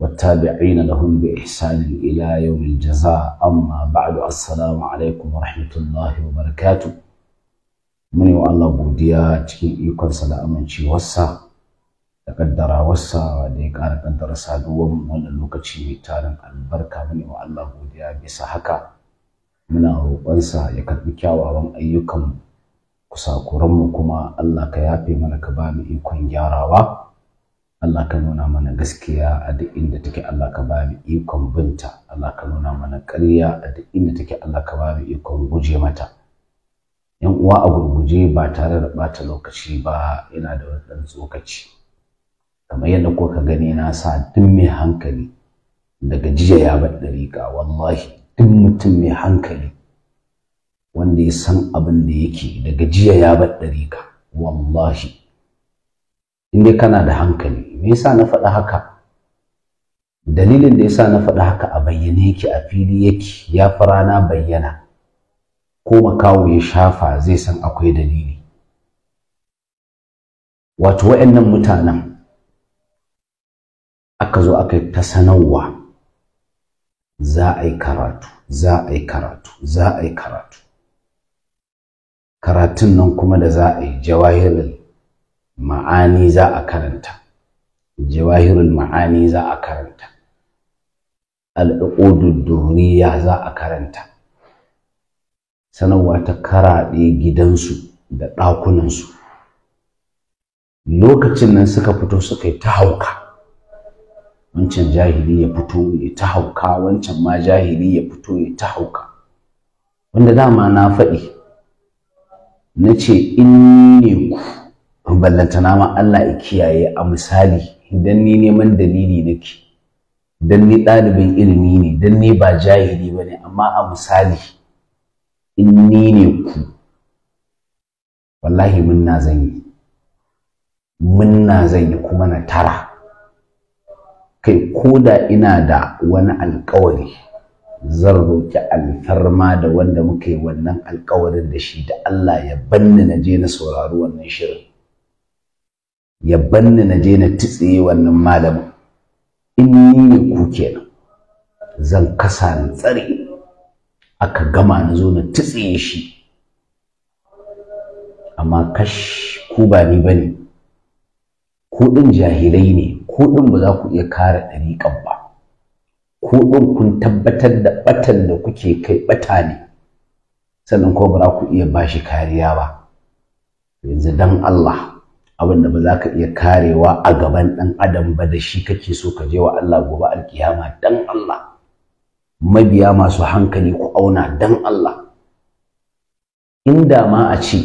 والتابعين لهم بإحسان إلى يوم الجزاء أما بعد السلام rahmatullahi wa barakatu. وبركاته من الله godiya cikin ikonsa da amincewarsa da kaddarawarsa da ya ƙara kaddara saduwar wannan lokaci mai tarin albarka muni wa Allah godiya bisa haka muna roƙonsa ya karɓi kyawawan ayyukanmu kusakuranmu kuma Allah ka yafe mana ka ba mu ikon gyarawa Allah ka nuna mana gaskiya a duk inda take Allah ka bani ikon binta Allah ka nuna mana ƙarya a duk inda take Allah ka bani ikon guje mata yan uwa a gurguje ba tare da ɓata lokaci ba yana da wannan tsokaci kamar yadda ka gani na sa duk mai hankali daga jiya ya bar dariƙa wallahi duk mutum mai hankali wanda ya san abin da yake daga jiya ya bar dariƙa wallahi inda kana da hankali me yasa na faɗa haka dalilin da yasa na faɗa haka a bayyane yake a fili yake ya fi rana bayyana ko makawo ya shafa zai san akwai dalili wato wa'annan mutanen aka zo aka yi ta sanarwa za a yi karatu za a yi karatu za a yi karatu karatun nan kuma da za a yi jawahirul ma'ani za a karanta jawahirul ma'ani za a karanta al'uqudud duhriya za a karanta sanarwa ta karaɗe gidansu da ɗakunansu lokacin nan suka fito suka yi ta hauka wancan jahili ya fito ya ta hauka wancan ma jahili ya fito ya ta hauka wanda dama na faɗi na ce in ne ku an ballanta nama Allah ya kiyaye a misali dan ni neman dalili nake dan ni ɗalibin ilimi ne dan ni ba jahili ba ne amma a misali in ni ne ku wallahi mun na zan yi mun na zan yi kuma na tara kai ko da ina da wani alkawari zan roƙi alfarma da wanda muka yi wannan alkawarin da shi da Allah ya banni na je na saurari wannan shirin ya banni na je na titsiye wannan malamin in ni ne ku kenan zan kasa ni tsare aka gama na zo na titsiye shi amma kash ku ba ni bane ku din jahilai ne ku din ba za ku iya kare ɗariƙan ba ku din kun tabbatar da batan da kuke kai ɓata ne sannan ko ba za ku iya bashi kariya ba yanzu dan Allah abin da ba za ka iya karewa a gaban ɗan adam ba da shi kake so ka je wa Allah gobe alkiyama dan Allah mabiya masu hankali ku auna dan Allah inda ma a ce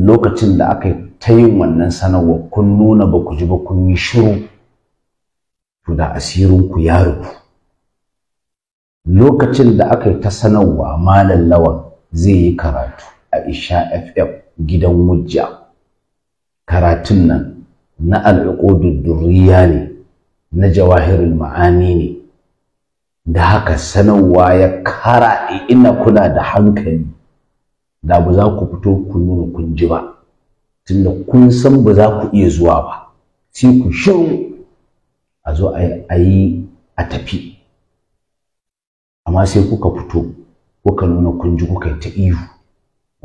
lokacin da aka ta yin wannan sanarwa kun nuna ba ku ji ba kun yi shiru to da asirin ku ya rufu lokacin da aka ta sanarwa malam lawan zai yi karatu a isha FF gidan wujja karatun nan na al'uqudud duriya ne na jawahirin ma'ani ne da haka sanarwa ya kara ina kuna da hankali da ba za ku fito ku nuna kun ji ba tunda kun san ba za ku iya zuwa ba sai ku shiru a zo a yi a tafi amma sai kuka fito kuka nuna kun ji kuka yi ta ihu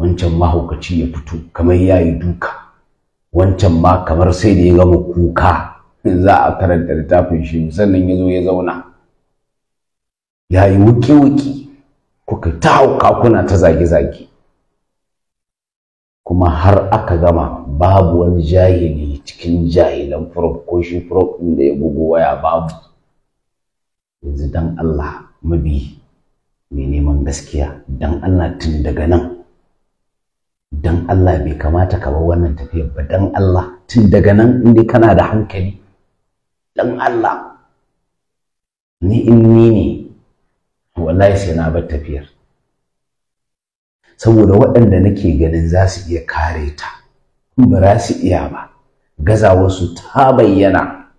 wancan mahaukaci ya fito kamar ya yi duka wancan ma kamar sai da ya gama kuka in za a karanta littafin shi sannan ya zo ya zauna ya yi wuki-wuki kuka ta hauka kuna ta zage-zage kuma har aka gama babu wani jahili cikin jahilan furof ko shi furof ɗin da ya bugu waya babu yanzu don Allah mabi mai neman gaskiya don Allah tun daga nan dan Allah bai kamata ka bar wannan tafiyar ba dan Allah tun daga nan in dai kana da hankali dan Allah ni in ni ne wallahi sai na bar tafiyar saboda waɗanda nake ganin za su iya kare ta ba za su iya ba gazawarsu ta bayyana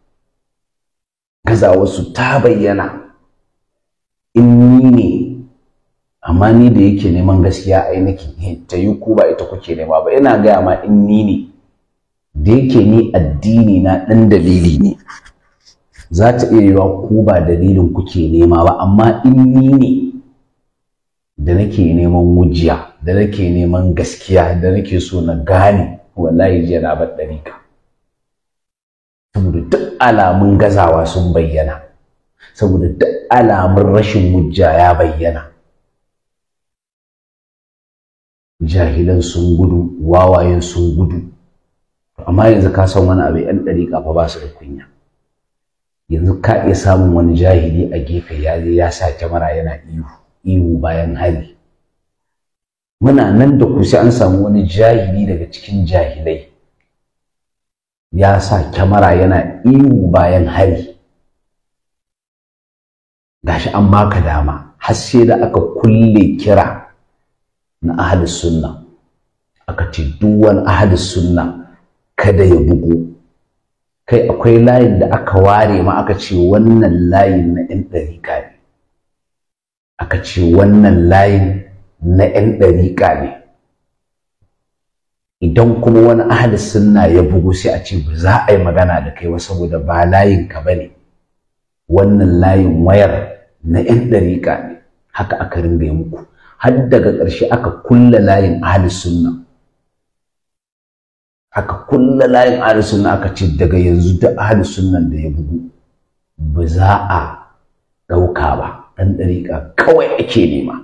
gazawarsu ta bayyana in ni ne amma ni da yake neman gaskiya a ta yi ku ba ita kuke nema ba yana gaya ma in ni ne da yake ni addini na ɗan dalili ne za ta iya yiwa ku ba dalilin kuke nema ba amma in ni ne da nake neman wujiya da nake neman gaskiya da nake so na gane wallahi jiya na bar ɗarika saboda duk alamun gazawa sun bayyana saboda duk alamun rashin wujja ya bayyana jahilan sun gudu wawayen sun gudu amma yanzu ka san wani abu yan dariƙa fa ba su da kunya yanzu ka iya samun wani jahili a gefe ya je ya sa kyamara yana ihu ihu bayan hali muna nan da ku sai an samu wani jahili daga cikin jahilai ya sa kyamara yana ihu bayan hali gashi an baka dama har sai da aka kulle kira na ahalus sunna aka ce duwan sunna kada ya bugu kai akwai layin da aka ware ma aka ce wannan layin na yan ɗariƙa ne aka ce wannan layin na yan ɗariƙa ne idan kuma wani ahalus sunna ya bugu sai a ce ba za a yi magana da kai ba saboda ba layin ka ne. wannan layin wayar na yan ɗariƙa ne haka aka ringa yi muku har daga ƙarshe aka kulla layin ahli sunna aka kulla layin ahli sunna aka ce daga yanzu da ahli sunnan da ya bugu ba za a ɗauka ba ɗan ɗariƙa kawai ake nema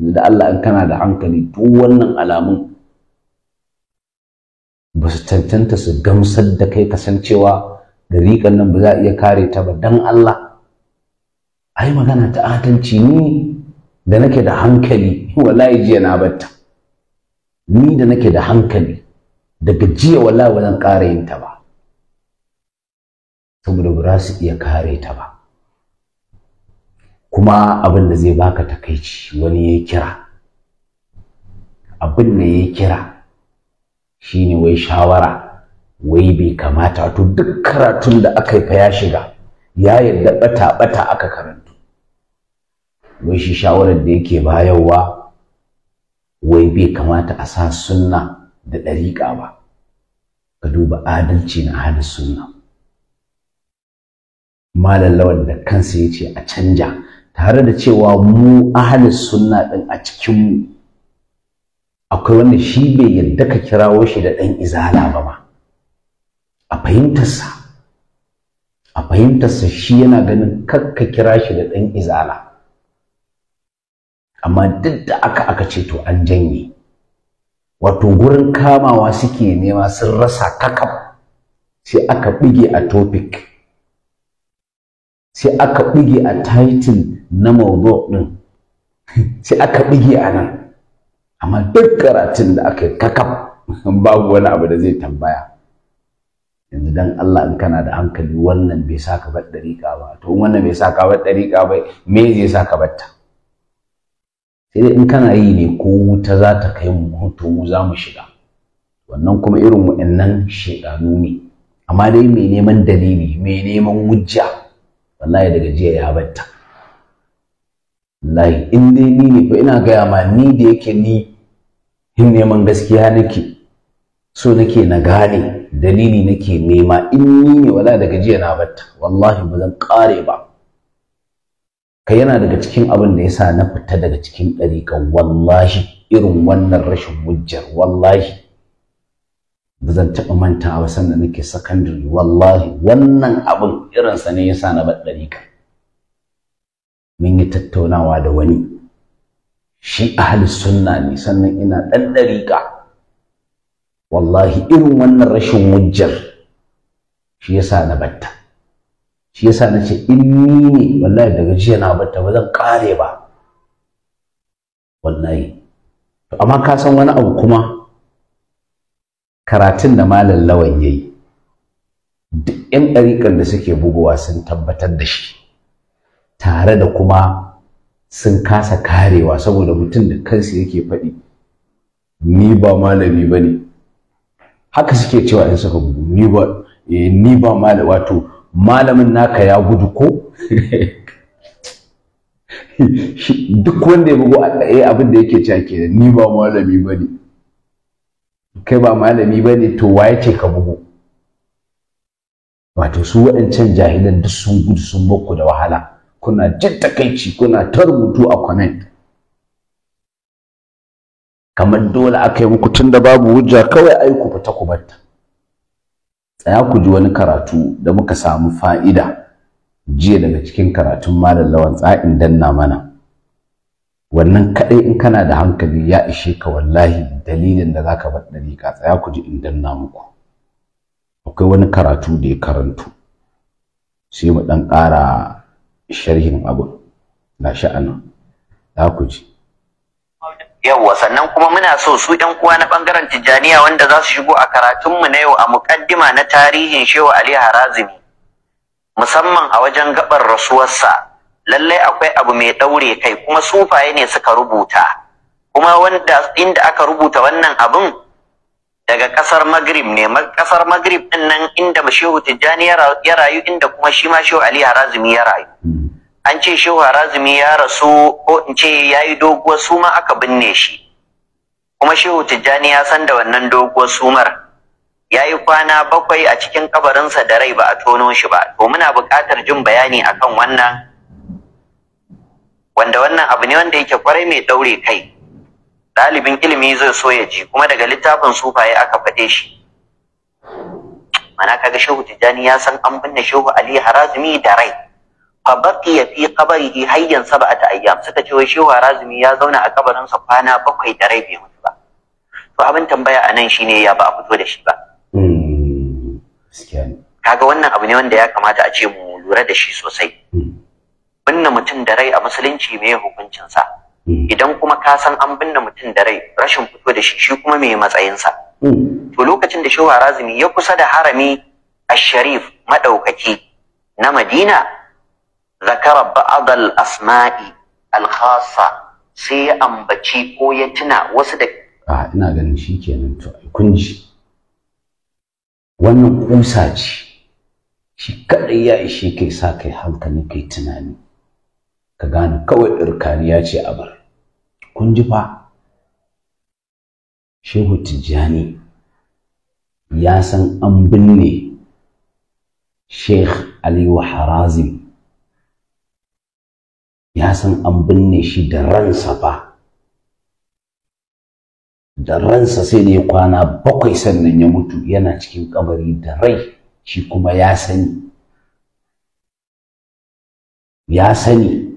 da Allah in kana da hankali to wannan alamun ba su cancanta su gamsar da kai kasancewa ɗariƙan nan ba za a iya kare ta ba dan Allah ai magana ta adalci ni da nake da hankali wallahi jiya na batta ni da nake da hankali daga jiya wallahi ba zan ƙara yin ta ba saboda ba su iya kare ta ba kuma abin da zai baka takaici wani ya kira abin da ya kira shine wai shawara wai bai kamata to duk karatun da aka yi fa ya shiga ya yadda bata bata aka karanta. Mai shi shawarar da yake bayarwa wai bai kamata a sa sunna da ɗariƙa ba ka duba adalci na hada sunna malam lawan da kansa ya ce a canja tare da cewa mu ahalin sunna ɗin a cikinmu akwai wanda shi bai yadda ka kirawo shi da ɗan izala ba ma a fahimtarsa a fahimtarsa shi yana ganin kakka kira shi da ɗan izala amma duk da aka aka ce to an janye wato gurin kamawa suke nema sun rasa kakaf sai aka bige a topic sai aka bige a title na mawdu din sai aka bige a nan amma duk karatun da aka yi kakaf babu wani abu da zai tambaya yanzu dan Allah in kana da hankali wannan bai sa ka bar dariƙa ba to wannan bai sa bar dariƙa ba me zai sa ka bar ta sai dai in kana yi ne ko wuta za ta kai mu to mu za mu shiga wannan kuma irin waɗannan shaidanu ne amma dai mai neman dalili mai neman hujja wallahi daga jiya ya batta wallahi in dai ni ne ko ina gaya ma ni da yake ni in neman gaskiya nake so nake na gane dalili nake nema in ni ne wala daga jiya na batta wallahi ba zan kare ba ka yana daga cikin abin da yasa na fita daga cikin ɗarika. wallahi irin wannan rashin hujjar wallahi ba zan taɓa mantawa sannan nake secondary wallahi wannan abin irinsa ne sa na bar ɗariƙa mun yi tattaunawa da wani shi ahli sunna ne sannan ina ɗan ɗarika. wallahi irin wannan rashin hujjar shi yasa na batta shi yasa na ce in ni ne wallahi daga jiya na batta ba zan kare ba wallahi to amma ka san wani abu kuma karatun da malam lawan yayi duk yan ɗariƙar da suke bugowa sun tabbatar da shi tare da kuma sun kasa karewa saboda mutum da kansu yake faɗi ni ba malami ba ne haka suke cewa in suka bugu ni ba eh, ni ba malami wato malamin naka ya gudu ko duk wanda ya bugu Allah ɗaya abin da yake cewa kenan, ni ba malami ba ne kai ba malami ba ne to waye ce ka bugu? wato su waɗancan jahilan duk sun gudu sun bakku da wahala kuna jin takaici kuna ta rubutu a comment kamar dole aka yi muku tun da babu hujja kawai ai ku fita ku batta tsaya ku ji wani karatu da muka samu fa'ida jiya daga cikin karatun malam lawan tsa'in danna mana wannan kaɗai in kana da hankali ya ishe ka wallahi dalilin da zaka bar ka tsaya ku ji in danna muku akwai wani karatu da ya karanto sai mu ɗan ƙara sharhin abu, na sha'anin za ku ji yawwa sannan kuma muna so su ɗan uwa na ɓangaren tijjaniya wanda za su shigo a karatunmu na yau a muƙaddima na tarihin shehu ali harazimi musamman a wajen gabar rasuwarsa lallai akwai abu mai ɗaure kai kuma sufaye ne suka rubuta kuma wanda inda aka rubuta wannan abin daga ƙasar magrib ne ƙasar magrib ɗin nan inda shehu tijjani ya rayu inda kuma shi ma shehu ali harazimi ya rayu an ce shehu harazumi ya rasu ko in ce ya yi doguwar suma aka binne shi kuma shehu tijjani ya san da wannan doguwar sumar ya yi kwana bakwai a cikin kabarinsa da rai ba a tono shi ba to muna buƙatar jin bayani akan wannan wanda wannan abu ne wanda yake kwarai mai ɗaure kai ɗalibin ilimi zai so ya ji kuma daga littafin sufaye aka faɗe shi mana kaga shehu tijjani ya san an binne shehu ali harazumi da rai fa baqiya fi ba a sab'ata ayyam ta ce wai shehu harazumi ya zauna a kabarin sa kwana bakwai da rai bai mutu ba to abin tambaya shine ya ba a fito da shi ba hmm, kaga wannan abu ne wanda ya kamata a ce mu lura da shi sosai hmm. binne mutum da rai a musulunci mai hukuncin sa hmm. idan kuma ka san an binne mutum da rai rashin fito da shi shi kuma mai matsayin sa to lokacin da shehu harazumi ya kusa da harami asharif sharif madaukaki na Madina zakara ba'adal asma'i alkhasa sai ya ambaci ko ya tuna wasu da a ina ganin shi kenan to wannan kusa ce shi kadai ya ishe ke sa kai hankali kai tunani ka gane kawai irkaniya ce a bar kun ji fa shehu tijjani ya san an binne sheikh aliyu harazim ya san an binne shi da ransa ba, da ransa sai da ya kwana bakwai sannan ya mutu yana cikin kabari da rai shi kuma ya sani ya sani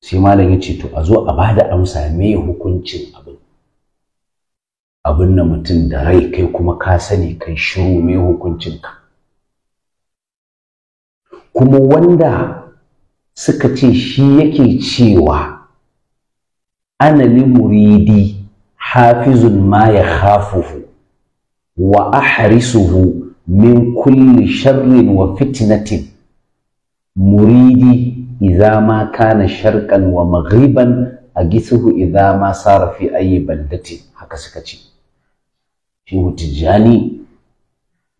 sai malam ya ce to a zo a ba da amsa me hukuncin abin abin na mutum da rai kai kuma ka sani kai shiru me hukuncinka kuma wanda suka ce shi yake cewa ana li muridi hafizun ma ya khafuhu wa ahrisuhu min kulli sharrin wa fitnatin muridi idza ma kana sharqan wa maghriban agisuhu idza ma sara fi ayi baldatin haka suka ce shehu tijjani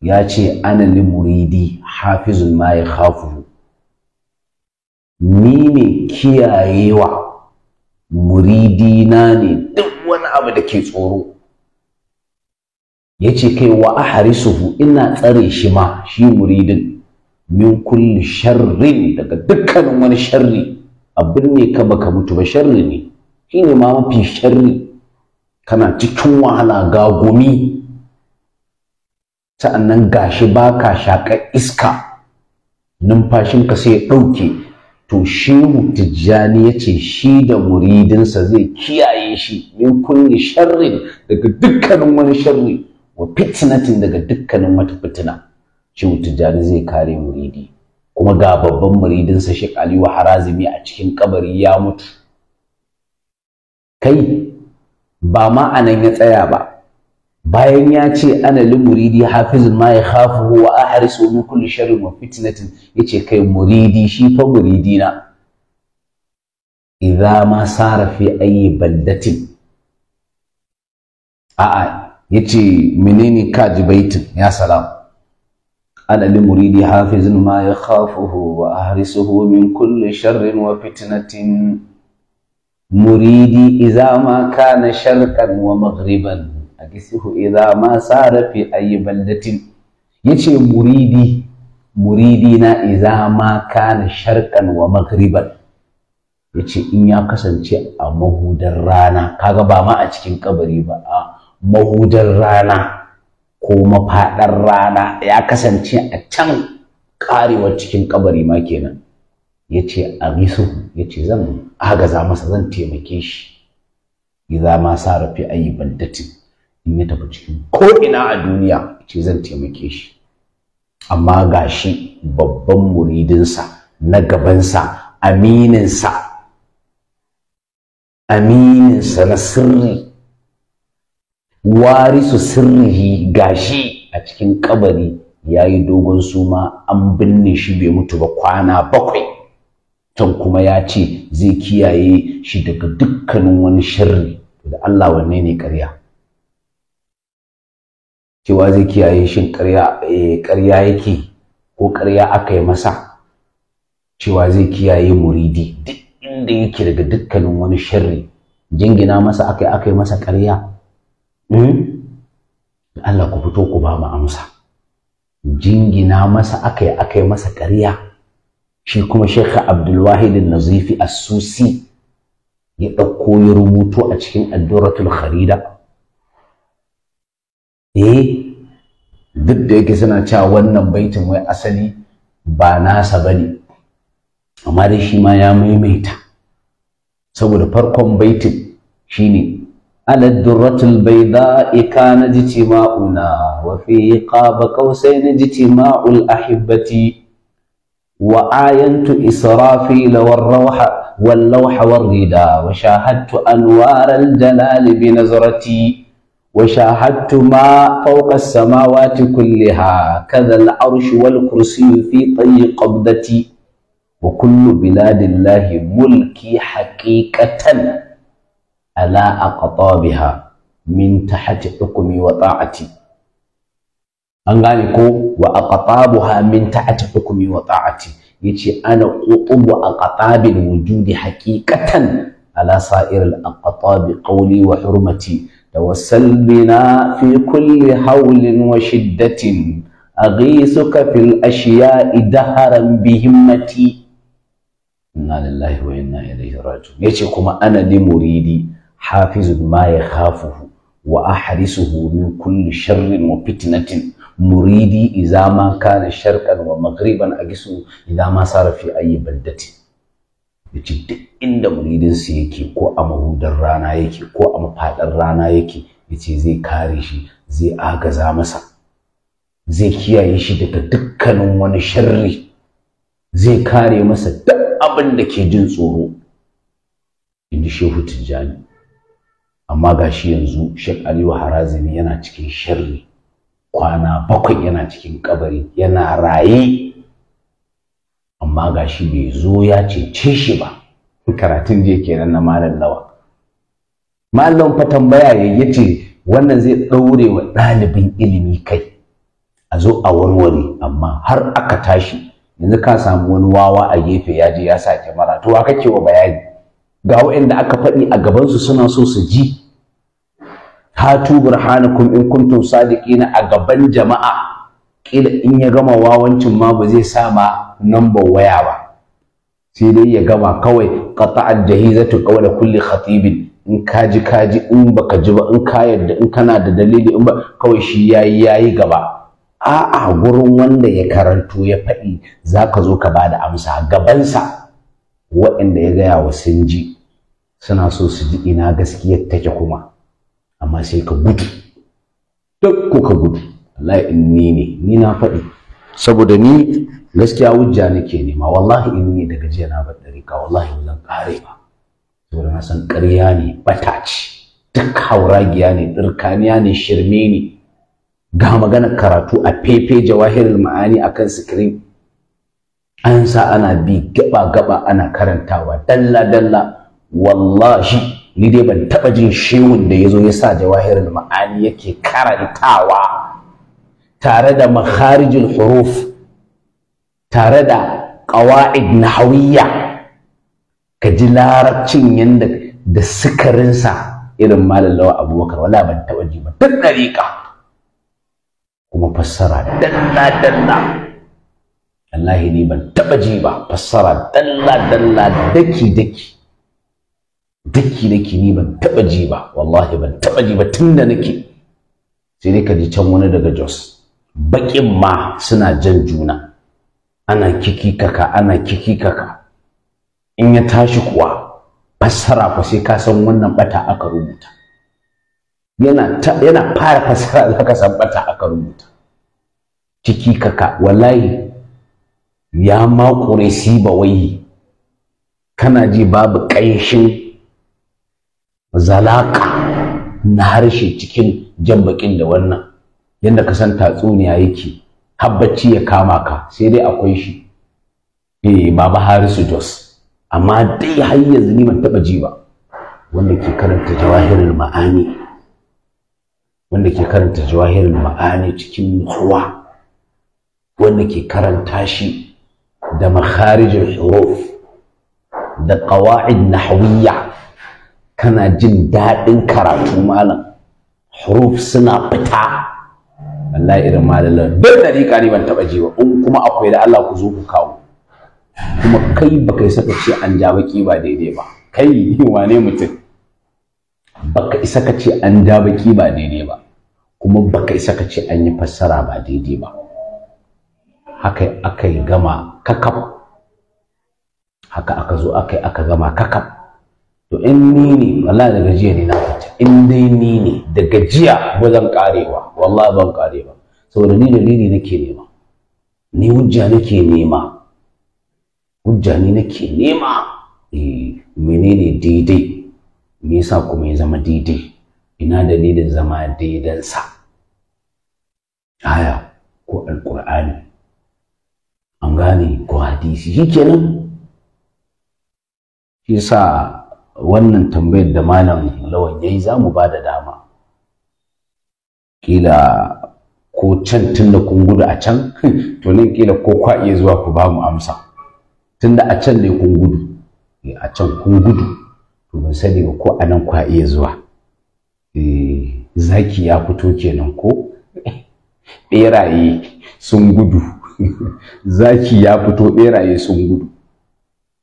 ya ce ana li muridi hafizun ma ya khafuhu ni ne kiyayewa muridina ne duk wani abu da ke tsoro ya ce kai wa aharisuhu ina tsare shi ma shi muridin min kulli sharrin daga dukkanin wani sharri abin ne ka baka mutu ba sharri ne shi ne ma mafi sharri kana cikin wahala ga gumi sa'annan gashi baka shaƙar iska numfashinka sai ya ɗauke to shehu tijjani ya ce shi da muridinsa zai kiyaye shi min kulli sharrin daga dukkanin wani sharri wa fitnatin daga dukkanin wata fitina shehu tijjani zai kare muridi kuma ga babban muridinsa Sheikh Aliyu Harazimi a cikin kabari ya mutu kai ba ma anan ya tsaya ba bayan ya ce ana lil muridi hafizun ma ya yakhafuhu wa ahrisu min kulli sharrin wa fitnatin ce kai muridi shi fa muridi na idza ma sara a ayi baldatin a'a ce menene kaji baitin ya salam ana lil muridi hafizun ma ya yakhafuhu wa ahrisuhu min kulli sharrin wa fitnatin muridi idza ma kana sharqan wa maghriban naqisuhu idza ma sara fi ayi baldatin yace muridi muridi na idza ma kana sharqan wa maghriban yace in ya kasance a mahudar rana kaga ba ma a cikin kabari ba a mahudar rana ko mafaɗar rana ya kasance a can karewar cikin kabari ma kenan yace a gisu yace zan agaza masa zan taimake shi idza ma sarafi ayi baldatin in ya tafi cikin ko'ina a duniya ce zan taimake shi amma ga shi babban muridinsa na gabansa amininsa amininsa na sirri warisu sirrihi shi a cikin kabari ya yi dogon suma an binne shi bai mutu ba kwana bakwai can kuma ya ce zai kiyaye shi daga dukkanin wani shirri da Allah wanne ne karya cewa zai kiyaye shin eh, ƙarya yake ko ƙarya aka yi masa cewa zai kiyaye muridi duk inda yake daga dukkanin wani sharri jingina masa aka yi aka yi masa ƙarya hmm? Allah ku fito ku ba mu amsa jingina masa aka yi aka yi masa ƙarya shi kuma Sheikh Abdulwahid Nazifi As-Susi ya ɗauko ya rubuto a cikin Addoratul Kharida eh duk da yake suna cewa wannan baitin mai asali ba nasa ba ne amma dai shi ma ya maimaita saboda farkon baitin shi ne aladdurratul baida ika na jici ma'una wafi ƙaba kausai na jici ma'ul ahibbati wa ayantu israfi lawar rawha wallawha warida wa shahadtu anwaral jalali bi nazarati وشاهدت ما فوق السماوات كلها كذا العرش والكرسي في طي قبضتي وكل بلاد الله ملكي حقيقة على أقطابها من تحت حكمي وطاعتي أنغانيكو وأقطابها من تحت حكمي وطاعتي يتي أنا قطب أقطاب الوجود حقيقة على سائر الأقطاب قولي وحرمتي توسل بنا في كل حول وشدة أغيثك في الأشياء دهرا بهمتي إنا لله وإنا إليه راجعون يجيكم أنا لمريدي حافظ ما يخافه وأحرسه من كل شر وفتنة مريدي إذا ما كان شرقا ومغربا أجسه إذا ما صار في أي بلدة yace duk inda muridinsu yake ko a mahudar rana yake ko a mafaɗar rana yake yace zai kare shi zai agaza masa zai kiyaye shi daga dukkanin wani sharri zai kare masa duk abin da ke jin tsoro inji shehu tijjani amma gashi yanzu shek aliyu harazimi yana cikin sharri kwana bakwai yana cikin kabari yana raye amma ga shi bai zo ya cece shi ba karatun je kenan na malam lawa malam fa tambaya ya yace wannan zai daure wa ɗalibin ilimi kai a zo a warware amma har aka tashi yanzu ka samu wani wawa a gefe ya je ya sa kyamara to wa kake wa bayani ga waɗanda aka faɗi a gabansu suna so su ji hatu burhanakum in kuntum sadiqina a gaban jama'a kila in ya gama wawancin ma ba zai sa ma Nan ba waya ba sai dai ya gama kawai qata'at kawai da kulli khatibin in kaji kaji in baka ji ba in ka yarda in kana da dalili in ba kawai shi yayi yayi gaba a'a gurin wanda ya karanto ya faɗi za ka zo ka ba da amsa gabansa waɗanda ya gaya wa sun ji suna so su ji ina gaskiyar take kuma amma sai ka gudu duk ka gudu wallahi in ni ne ni na faɗi saboda ni gaskiya wujja nake nema wallahi in ni daga jiya na bar dariƙa wallahi ba zan ƙare ba saboda na san ƙarya ne batace, duk hauragiya ne ɗirkaniya ne shirme ne ga magana karatu a fefe jawahirin ma'ani a kan sikirin an sa ana bi gaba-gaba ana karantawa dalla-dalla wallahi ni dai ban taɓa jin shehun da ya zo ya sa jawahirin ma'ani yake karantawa tare da makharijul huruf tare da ƙawa'id na hawiya ka ji larabcin yadda da sikarinsa irin malallawa abubakar wala ban taɓa ba duk ɗariƙa kuma fassara dalla dalla wallahi ni ban taɓa ji ba fassara dalla dalla daki daki daki daki ni ban taɓa ji ba wallahi ban taɓa ji ba tun da nake sai dai ka ji can wani daga jos baƙin ma suna jan juna ana kikikaka ana kikikaka in ya tashi kuwa fassara ku sai ka san wannan bata aka rubuta yana yana fara fassara za ka san bata aka rubuta kikikaka wallahi ya makure ba wai kana ji babu ƙanshin zalaka na harshe cikin jan bakin da wannan yanda ka san tatsuniya yake habbaci ya kama ka sai dai akwai shi eh baba Harisu Jos amma dai har yanzu ni ban taba ji ba wanda ke karanta jawahirul ma'ani wanda ke karanta jawahirul ma'ani cikin nutsuwa wanda ke karanta shi da makharijul huruf da qawaid nahwiyya kana jin daɗin karatu malam huruf suna fita wallahi irin malalar duk dariƙa ne ban taɓa ji ba in kuma akwai da Allah ku zo ku kawo kuma kai ba kai saka ce an ja baki ba daidai ba kai wane mutum baka isa ka ce an ja baki ba daidai ba kuma baka isa ka ce an yi fassara ba daidai ba haka aka yi gama kakaf haka aka zo aka yi aka gama kakaf to in ni ne wallahi daga jiya ne na in dai ni ne da gajiya ba zan kare wallahi ban kare ba saboda ni dalili nake nema ni hujja nake nema hujja ni nake nema eh menene daidai me yasa kuma ya zama daidai ina dalilin zama sa aya ko alqur'ani an gane ko hadisi shikenan shi yasa wannan tambayar da malam lawan yayi za mu ba da dama kila ko can tunda kun gudu a can to nan kila ko kwa iya zuwa ku ba mu amsa tunda a can ne kun gudu eh, a can kun gudu to ban sani ba ko a nan kwa iya zuwa eh, zaki ya fito kenan ko ɓeraye sun gudu zaki ya fito ɓeraye sun gudu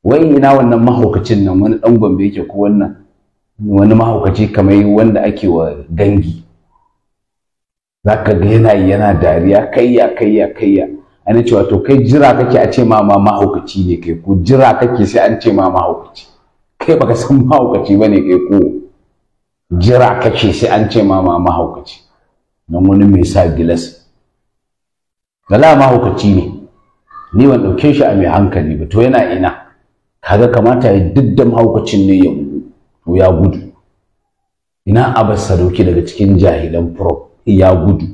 wai ina wannan mahaukacin nan wani dan gombe yake ko wannan wani mahaukaci kamar wanda ake wa gangi zaka ga yana yana dariya kayya kayya kayya ana cewa to kai jira kake a ce ma mahaukaci ne kai ko jira kake sai an ce ma mahaukaci kai baka san mahaukaci bane kai ko jira kake sai an ce ma mahaukaci nan wani mai sa gilas wala mahaukaci ne ni ban dauke shi a mai hankali ba to yana ina kaga kamata ya duk da mahaukacin ne ya ya gudu ina abas sadauki daga cikin jahilan pro ya gudu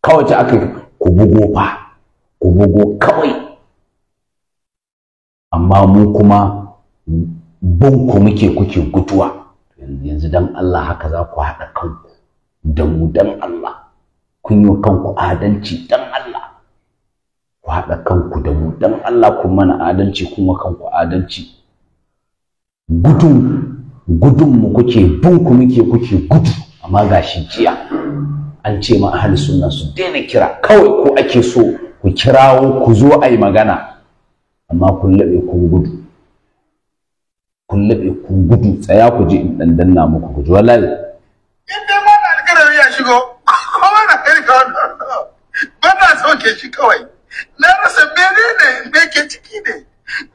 kawai ta aka ku bugo fa ku bugo kawai amma mu kuma banku muke kuke gutuwa yanzu dan Allah haka za ku haɗa kanku da mu dan Allah kun yi kanku adanci dan Allah ku haɗa kanku da mu dan Allah ku mana adalci kuma kanku adalci gudun gudun mu kuke bin ku muke kuke gudu amma gashi jiya an ce ma ahli sunna su daina kira kawai ko ake so ku kirawo ku zo ai magana amma kun laɓe kun gudu kun laɓe kun gudu tsaya ku je in dan danna muku gudu wallahi in dai ma alƙarami ya shigo kowa na kai wannan ba na ke shi kawai na rasa menene me ke ciki ne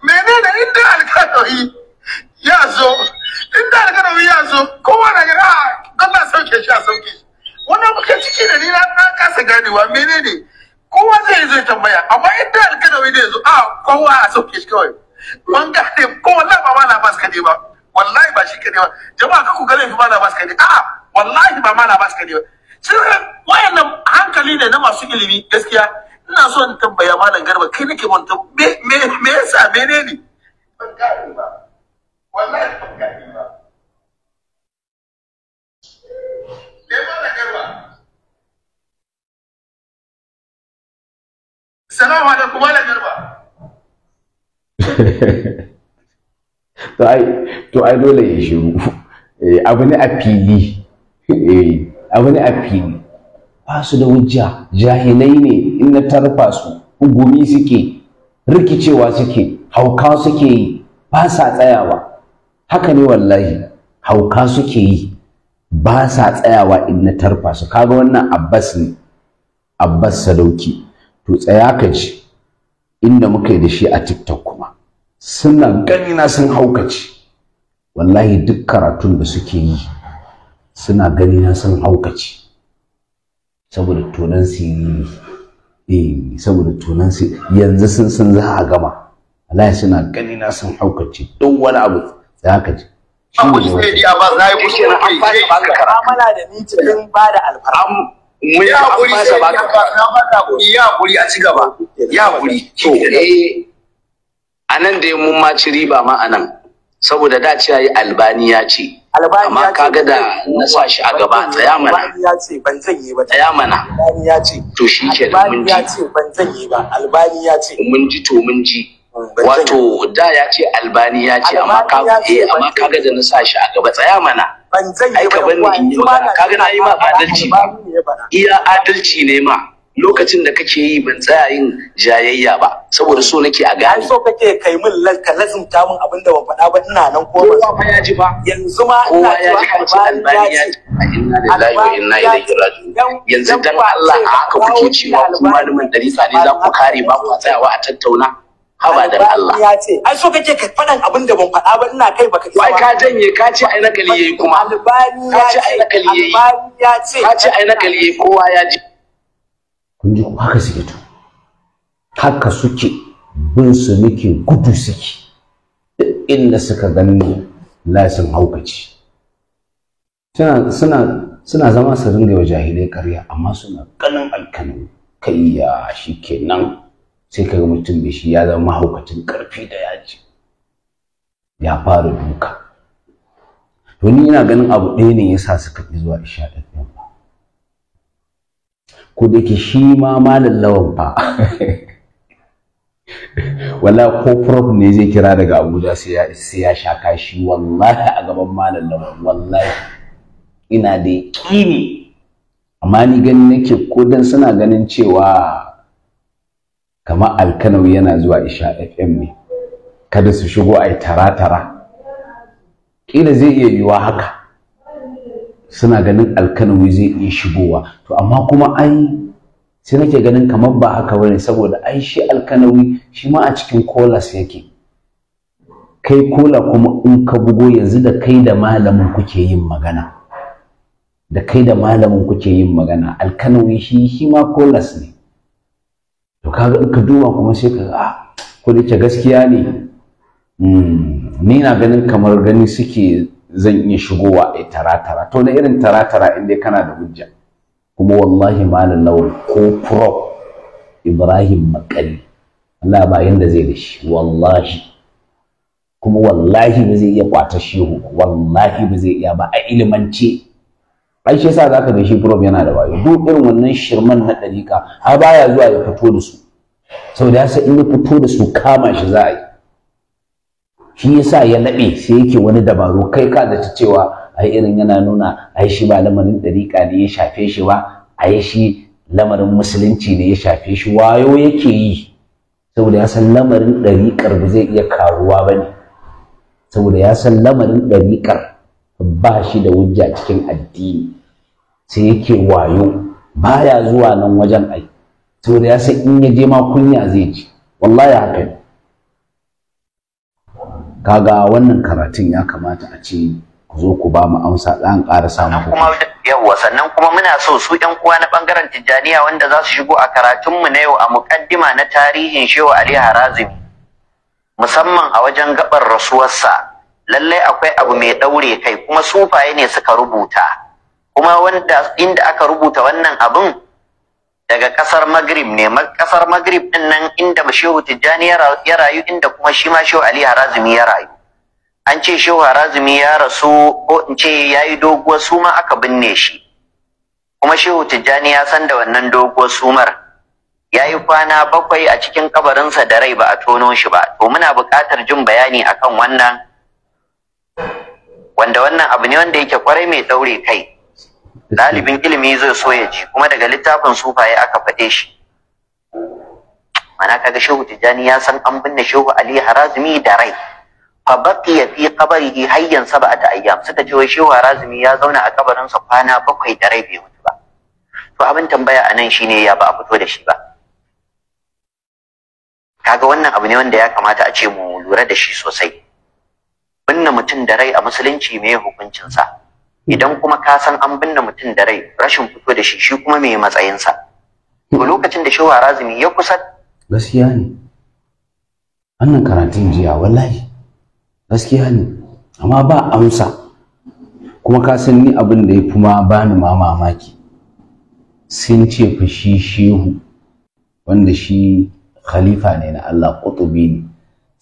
menene inda alkanoyi ya zo inda alkanoyi ya zo kowa na ga ah, Allah sauke shi a sauke shi wannan muke ciki da ni na kasa ganewa menene kowa zai zo tambaya amma inda alkanoyi ne zo a ah, kowa a sauke shi kawai man gane ko wallahi ba ma labas ka ne ba wallahi ba shi ka ne ba jama'a ka ku gane ma labas ka ne a'a wallahi ba ma labas ka ne ba sai wayannan hankali ne na masu ilimi gaskiya ina son tambaya malam garba kai nake mun me me me yasa menene ban gane ba wallahi ban gane ba dai malam garba assalamu alaikum malam garba to ai to ai dole ya shiru eh, abu ne a fili eh, abu ne a fili ba su da hujja jahilai ne in na tarfa su gumi suke rikicewa suke hauka suke yi ba sa tsayawa haka ne wallahi hauka suke yi ba sa tsayawa in na tarfa su kaga wannan abbas ne abbas sadauki to tsaya ka ji inda muka yi da shi a tiktok kuma suna ganina sun haukaci. wallahi duk karatun da suke yi suna ganina sun haukace saboda tunan siriri eh saboda tunan yanzu sun sun za a gama wallahi suna gani na sun haukace duk wani abu za ka ji an kusa ya di za yi kusa na an fara baka karamala da ni cikin ba da alfarma mu ya guri sai ya guri ya guri a ci gaba ya guri to eh anan da mun ma ci riba ma anan saboda da ce yi albaniya ce amma ka ga da na sa shi a gaba tsaya mana albaniya ce ban zan yi ba tsaya mana albaniya ce to shi ke da mun ji ya ce ban zan yi ba albaniya ce mun ji to mun ji mm, wato da ya ce albaniya ce amma ka eh amma ka ga da na sa shi a gaba tsaya mana ban zan yi ba ka ga na yi ma adalci ba iya adalci ne ma lokacin da kake yi ban tsaya yin jayayya ba saboda so nake a gane so kake kai min ka lazumta min abin da ban faɗa ba ina nan ko ba Kowa ya ji ba yanzu ma ina ya ji ba albani ya ji inna lillahi wa inna ilaihi raji'un yanzu dan Allah a haka kuke cewa ku malamin dalisa ne za ku kare ba ku tsayawa a tattauna haba dan Allah ya ce ai so kake ka faɗan abin da ban faɗa ba ina kai baka wai ka janye ka ce ai nakali yayi kuma albani ya ce ai nakali yayi ka ce ai nakali yayi kowa ya ji kun ji haka suke to haka suke bin su nake gudu suke duk inda suka gani la sun haukaci suna suna suna zama su ringa wa jahilai ƙarya amma suna ganin alkanu kai ya shi kenan sai kaga mutum bai shi ya zama mahaukacin ƙarfi da yaji ya fara duka to ni ina ganin abu ɗaya ne yasa suka fi zuwa isha ɗin Ku da ke shi ma malam lawan fa wala ko prof ne zai kira daga abuja sai ya sha kashi wallahi a gaban malam lawan wallahi ina da kini amma ni ganin nake ko dan suna ganin cewa kamar alkanawi yana zuwa isha fm ne kada su shigo a tara-tara ƙila zai iya yiwa haka suna ganin alkanawi zai iya shigowa to amma kuma ai sai nake ganin kamar ba haka bane saboda ai shi alkanawi shi ma a cikin kolas yake kai kola kuma in ka bugo yanzu da kai da malamin kuke yin magana da kai da malamin kuke yin magana alkanawi shi shi ma kolas ne to kaga in ka duba kuma sai ka ga ah, ko dake gaskiya ne hmm, ni na ganin kamar gani suke zan iya shigowa a tara to na irin taratara inda in dai kana da hujja kuma wallahi malam lawan ko pro ibrahim makali Allah ba yanda zai da shi wallahi kuma wallahi ba zai iya kwata shehu wallahi ba zai iya ba a ilimance ai shi yasa zaka ga shi pro yana da wayo duk irin wannan shirman na ɗarika, a baya zuwa ya fito da su saboda yasa in ya fito da su kama shi za a yi shi yasa ya laɓe sai yake wani dabaru kai ka zata cewa ai irin yana nuna ai shi ba lamarin dariƙa ne ya shafe shi ba ai shi lamarin musulunci ne ya shafe shi wayo yake yi saboda ya san lamarin dariƙar ba zai iya karuwa ba ne saboda ya san lamarin dariƙar ba shi da hujja cikin addini sai yake wayo baya zuwa nan wajen ai saboda ya san in ya je ma kunya zai ji wallahi haka ne kaga wannan karatun ya kamata a ce ku zo ku ba mu amsa dan ƙara samu kuma yawa sannan kuma muna so su ƴan uwa na bangaren Tijjaniya wanda za su shigo a karatun mu na yau a muqaddima na tarihin Shehu Ali Harazimi musamman a wajen gabar rasuwarsa lallai akwai abu mai daure kai kuma sufaye ne suka rubuta kuma wanda inda aka rubuta wannan abun daga kasar magrib ne kasar Maghrib din nan inda Shehu Tijjani ya rayu inda kuma shi ma Shehu Ali Harazimi ya rayu an ce Shehu Harazimi ya rasu ko in ce ya yi doguwar suma aka binne shi kuma Shehu Tijjani ya san da wannan doguwar sumar Ya yi kwana bakwai a cikin kabarinsa da rai ba a tono shi ba to muna buƙatar jin bayani akan wannan wanda wannan abu ne wanda yake kwarai mai daure kai ɗalibin ilimi zai so ya ji kuma daga littafin sufaye aka faɗe shi mana kaga shehu tijjani ya san an binne shehu ali harazmi da rai fa baqiya fi qabrihi hayyan sab'ata ayyam suka ce wai shehu harazmi ya zauna a kabarin sa kwana bakwai da rai bai mutu ba to abin tambaya anan shine ya ba a fito da shi ba kaga wannan abu ne wanda ya kamata a ce mu lura da shi sosai binne mutum da rai a musulunci me sa idan kuma ka san an binne mutum da rai rashin fito da shi shi kuma mai matsayinsa to lokacin da shi razumi ya kusa gaskiya ne wannan karatun jiya wallahi gaskiya ne amma ba amsa kuma ka san ni abin da ya fi ma bani ma mamaki sun ce fa shi shehu wanda shi khalifa ne na Allah qutubi ne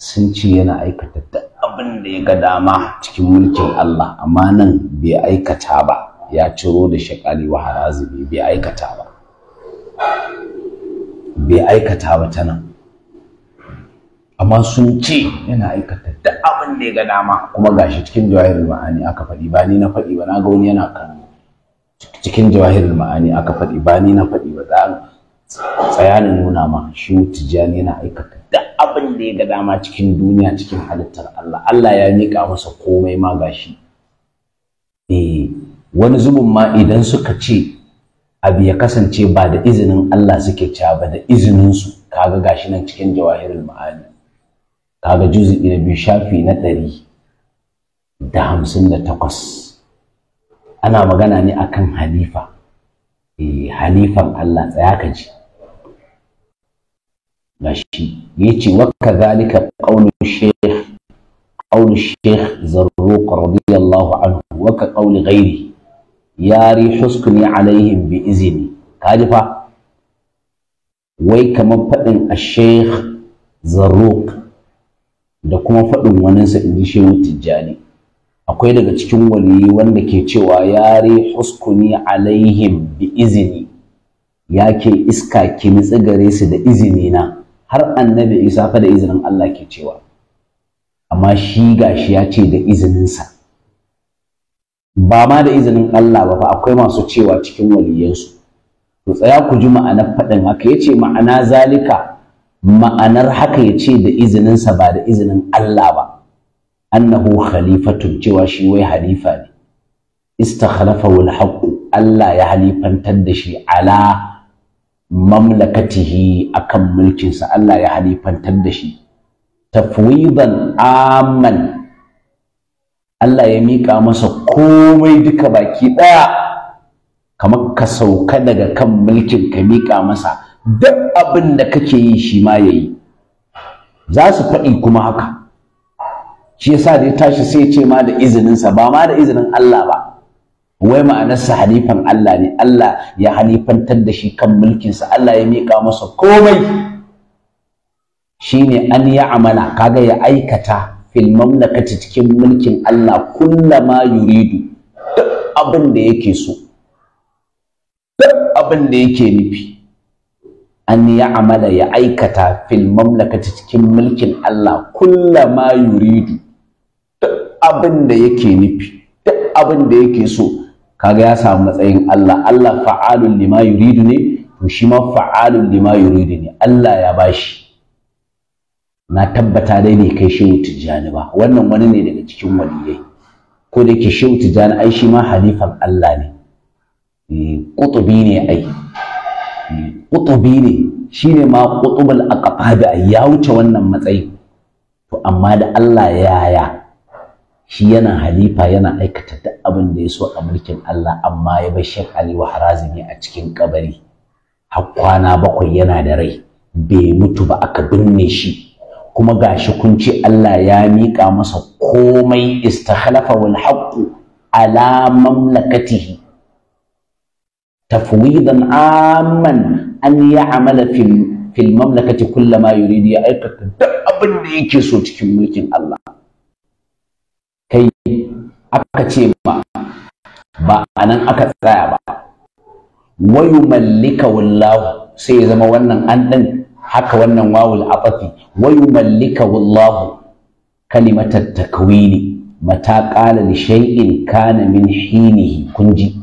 sun ce yana aikata duk abin da ya ga dama cikin mulkin Allah amma nan bai aikata ba ya ciro da shakali wa harazibi bai aikata ba bai aikata ba ta nan amma sun ce yana aikata duk abin da ya ga dama kuma gashi cikin jawahirul ma'ani aka faɗi ba ni na faɗi ba na ga wani yana kan cikin jawahirul ma'ani aka faɗi ba ni na faɗi ba tsayanin nuna ma shi tijjani yana aikata duk abin da ya ga dama cikin duniya cikin halittar Allah Allah ya miƙa masa komai ma gashi eh wani zubin ma idan suka ce abu ya kasance ba da izinin Allah suke cewa ba da izinin su kaga gashi nan cikin jawahirul ma'ani kaga juz'i na biyu shafi na ɗari da hamsin da takwas ana magana ne akan halifa eh halifan Allah tsaya ka ji ماشي يجي وكذلك قول الشيخ قول الشيخ زروق رضي الله عنه وكقول غيره يا ghairi yari عليهم alaihim bi izini كما wai kamar faɗin da kuma faɗin waninsa in ji shehu tijjani akwai daga cikin waliyi wanda ke cewa yari huskuni alaihim bi izini yake iska ki nitsi gare su da izini na har annabi isa fa da izinin Allah ke cewa amma shi gashi ya ce da izininsa ba ma da izinin Allah ba fa akwai masu cewa cikin waliyansu to tsaya ku ji ma'anar faɗin haka ya ce ma'ana zalika ma'anar haka ya ce da izininsa ba da izinin Allah ba annahu khalifatun cewa shi wai halifa ne wal haƙƙu, Allah ya halifantar da shi ala mamlakatihi akan mulkinsa Allah ya halifantar da shi tafwidan aman. Allah ya mika masa komai duka baki ɗaya. kamar ka sauka daga kan mulkin ka miƙa masa duk abin da kake yi shi ma yayi za su faɗi kuma haka shi yasa da ya tashi sai ya ce ma da izininsa ba ma da izinin Allah ba wai ma'anarsa halifan Allah ne Allah ya halifantar da shi kan mulkinsa Allah ya miƙa masa komai shine an ya amala kaga ya aikata fil mamlakati cikin mulkin Allah kullama yuridu abin da yake so duk abin da yake nufi an ya amala ya aikata fil mamlakati cikin mulkin Allah kullama yuridu duk abin da yake nufi duk abin da yake so kaga ya samu matsayin Allah Allah fa'alun lima yuridu ne to shi ma fa'alun lima yuridu ne Allah ya bashi na tabbata dai ne kai shehu tijjani ba wannan wani ne daga cikin waliyai ko da ke shehu tijjani ai shi ma halifan Allah ne kutubi eh, ne ai kutubi eh, ne shi ne ma kutubul aqfabi ai ya wuce wannan matsayi to amma da Allah yaya shi yana halifa yana aikata duk abin da ya so a mulkin Allah amma ya bar Sheikh Ali Harazimi a cikin kabari har kwana bakwai yana da rai bai mutu ba aka binne shi kuma gashi kun ce Allah ya miƙa masa komai istakhlafa wal haqq ala mamlakatihi tafwidan amman an amala fil fil mamlakati kullama yuridu ya aikata duk abin da yake so cikin mulkin Allah kai aka ce ma ba anan aka tsaya ba wayu mallika wallahu sai ya zama wannan an ɗin haka wannan wawul afafi wayu mallika wallahu kalimatar takwini mata ƙala li shay'in kana min hinihi kunji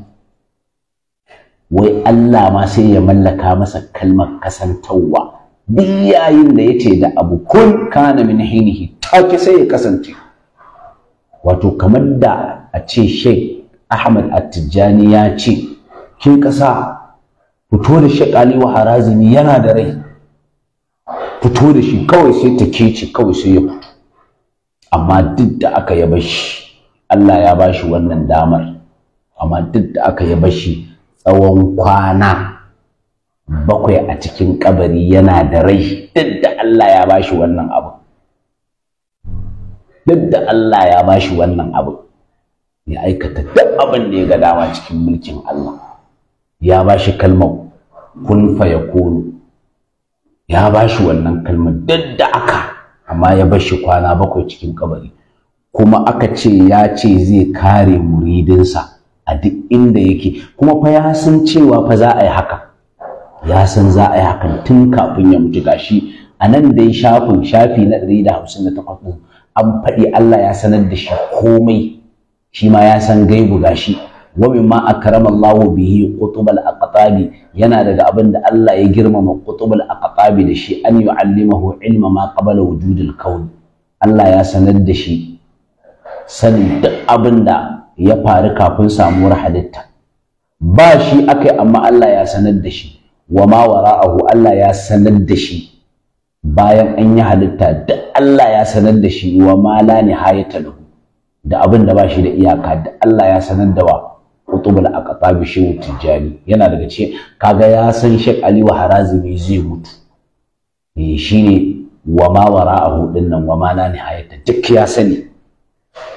wai Allah ma sai ya mallaka masa kalmar kasantarwa duk yayin da yace da abu kun kana min hinihi take sai ya kasance wato kamar da a ce Sheikh Ahmad Attijani ya ce kin kasa fito da Sheikh Ali Harazimi yana da rai fito da shi kawai sai ta kece kawai sai ya fito amma duk da aka yaba shi Allah ya bashi wannan damar amma duk da aka yaba shi tsawon kwana bakwai a cikin kabari yana da rai duk da Allah ya bashi wannan abu duk da Allah ya bashi wannan abu ya aikata duk abin da ya ga dama cikin mulkin Allah ya bashi kalmar kun fa kono ya bashi wannan kalmar duk da aka amma ya bashi kwana bakwai cikin kabari kuma aka ce ya ce zai kare muridinsa a duk inda yake kuma fa ya san cewa fa za a yi haka ya san za a yi hakan tun kafin ya mutu gashi a nan dai shafin shafi na 158 an faɗi Allah ya sanar da shi komai shi ma ya san gaibu gashi wa mimma akramallahu bihi qutubal aqtabi yana daga abin da Allah ya girmama qutubal aqtabi da shi an yu'allimahu ilma ma qabala wujudil kawn Allah ya sanar da shi sanin duk abin da ya faru kafin samuwar halitta ba shi akai amma Allah ya sanar da shi wa ma wara'ahu Allah ya sanar da shi bayan an yi halitta da Allah ya sanar da shi wa mala ne hayata da da abin da ba shi da iyaka da Allah ya sanar da wa aqta bi shi tijjani yana daga ce kaga ya san Sheikh Ali wa Harazimi zai mutu eh shine wa ma wara'ahu dinnan wa mala ne hayata? duk ya sani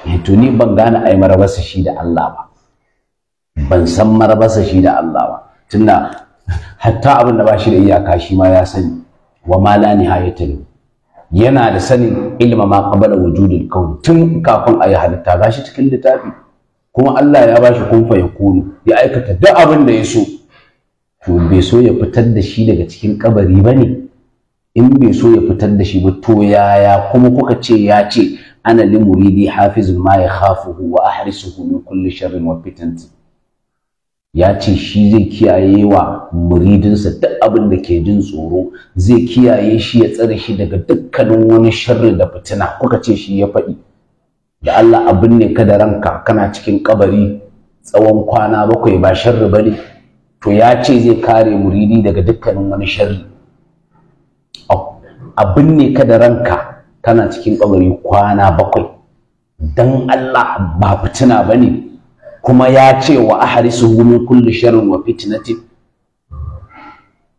eh to ni ban gane ai marabasa shi da Allah ba ban san marabasa shi da Allah ba tunda hatta abin da ba shi da iyaka shi ma ya sani wa ma la nihayata lahu yana da sanin ilma ma qabala wujudil kawn tun kafin ayi halitta gashi cikin littafi kuma Allah ya bashi kun fa yakunu ya aikata duk abin da ya so to bai so ya fitar da shi daga cikin kabari bane in bai so ya fitar da shi ba to yaya kuma kuka ce ya ce ana limuridi muridi hafizun ma yakhafuhu wa ahrisuhu min kulli sharrin wa fitantin ya ce shi zai kiyaye wa muridinsa duk abin da ke jin tsoro zai kiyaye shi ya tsare shi daga dukkanin wani sharri da fitina kuka ce shi ya faɗi da Allah abin ne ka da ranka kana cikin kabari tsawon kwana bakwai ba sharri ba ne to ya ce zai kare muridi daga dukkanin wani sharri abin ne ka da ranka kana cikin kabari kwana bakwai Don Allah ba fitina ba ne kuma ya ce wa ahrisuhu min kulli sharrin wa fitnatin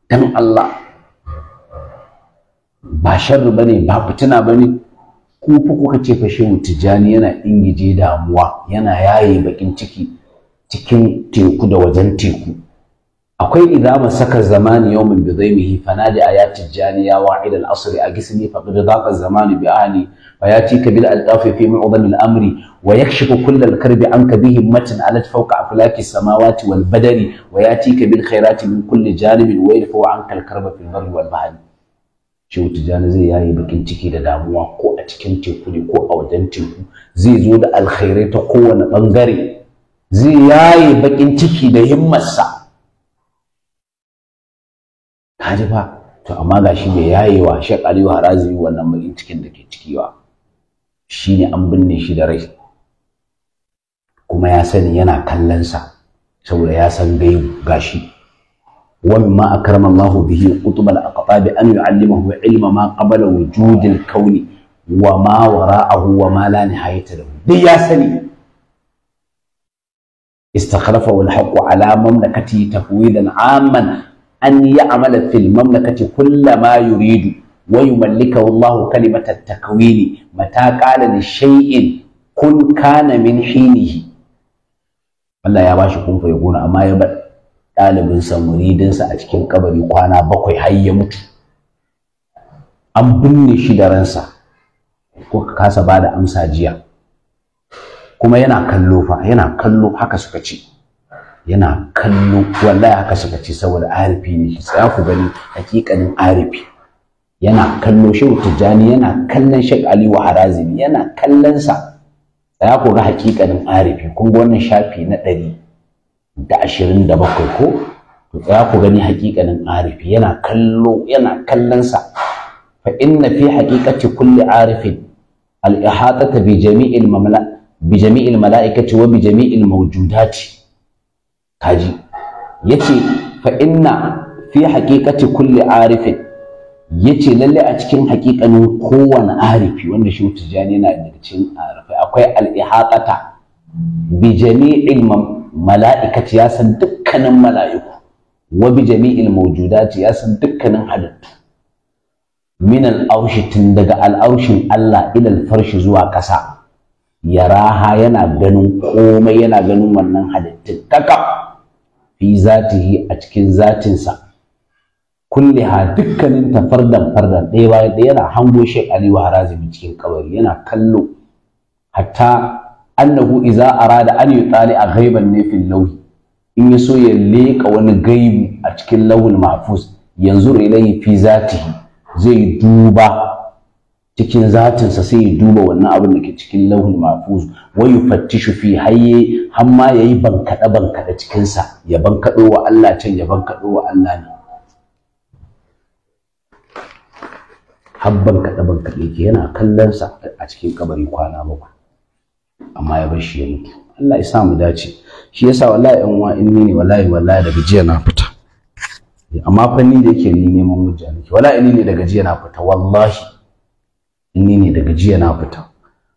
dan Allah ba sharri bane ba fitina bane ku fa kuka ce fa shehu tijani yana ingije damuwa yana yaye bakin ciki cikin teku da wajen teku akwai man saka zamani yawmin bi dhaimihi fanadi ayat tijani ya wa'id al asri agisni faqad daqa zamani bi ahli wa yatika bil alqafi fi mu'dham al amri wa yakshifu kull al karbi anka bi himmatin alat fawqa aflaki samawati wal badari wa yatika bil khairati min kulli janibin wa yarfu anka al karba fil barri wal bahri shi tijani zai yayi bakin ciki da damuwa ko a cikin teku ne ko a wajen teku zai zo da alkhairai ta kowane bangare zai yayi bakin ciki da himmarsa ka to amma gashi bai yaye wa shek aliyu harazi wannan mai cikin da ke ciki wa? Shi ne an binne shi da rai kuma ya sani yana kallon sa saboda ya san gaiu, gashi wamin ma akarama Allahu bihi qutbal aqtabi an yu'allimahu ilma ma qabala wujudil kauni wa ma wara'ahu wa ma la nihayata lahu duk ya sani استخلفه الحق على مملكته تفويضا عاما an amala fil mamlakati kullama yuridu wa yumallikahu Allah kalimatat takwini mata qala li shay'in kun kana min hinihi Allah ya bashi kun ya gona amma ya bar ɗalibin sa muridinsa a cikin kabari kwana bakwai har ya mutu an binne shi da ransa ko ka kasa bada amsa jiya kuma yana kallo fa yana kallo haka suka ce yana kallo wallahi haka suka ce saboda arifi ne sai ku gani hakikanin arifi yana kallo shehu tijjani yana kallon shek ali wa harazimi yana kallon sa sai ku ga hakikanin arifi kun ga wannan shafi na ɗari da ashirin da bakwai ko to sai ku gani hakikanin arifi yana kallo yana kallon sa fa inna fi haqiqati kulli arifin al ihatata bi jami'il mamla bi jami'il mala'ikati wa bi jami'il mawjudati kaji yace fa inna fi haqiqati kulli arifin yace lalle a cikin haƙiƙanin kowane arifi wanda shi tijani yana da cikin arifai akwai al-ihaqata bi jami'il mala'ikati ya san dukkanin mala'iku wa bi jami'il mawjudati ya san dukkanin halittu min al tun daga al Allah ila al-farshi zuwa ƙasa yaraha yana ganin komai yana ganin wannan halittun kakaf fi zatihi a cikin zatinsa kulle dukkanin ta fardan fardan ɗaya bayan ɗaya yana hango shek aliyu harazimi cikin kabari yana kallo hatta annahu iza arada an yutali a ghaiban ne fil lauhi in ya so ya leƙa wani gaibi a cikin lauhul mahfuz yanzu ilayhi fi zatihi zai duba cikin zatinsa sai ya duba wannan abin da ke cikin lauhul mahfuz wayu yufattishu fi hayye har ma yayi bankaɗe bankaɗe cikin sa ya bankado wa Allah can ya bankado wa Allah ne har bankaɗe bankaɗe ke yana kallon sa a cikin kabari kwana bakwai amma ya bar shi ya mutu Allah ya sa mu dace shi yasa wallahi yan uwa in ni ne wallahi wallahi daga jiya na fita amma fa ni da yake ni neman hujja nake wallahi ni ne daga jiya na fita wallahi in ni ne daga jiya na fita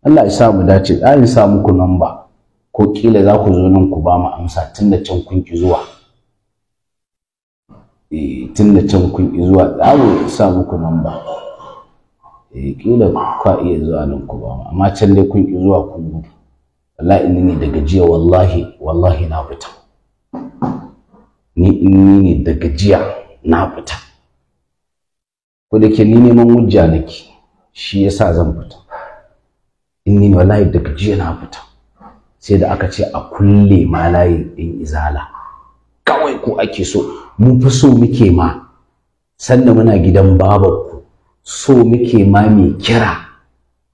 Allah ya sa mu dace da in sa muku namba ko kila za ku zo nan ku ba mu amsa tun da can kun ki zuwa eh tun da can kun ki zuwa za mu sa muku namba eh kila ka iya zuwa nan ku ba mu amma can dai kun ki zuwa kun gudu wallahi ni ne daga jiya wallahi wallahi na fita ni ni ne daga jiya na fita ko da ke ni neman hujja nake shi yasa zan fita in ni wallahi da gajiya na fita sai da aka ce a kulle ma ɗin izala kawai ku ake so mu fi so muke ma sanda muna gidan babanku so muke ma mai kira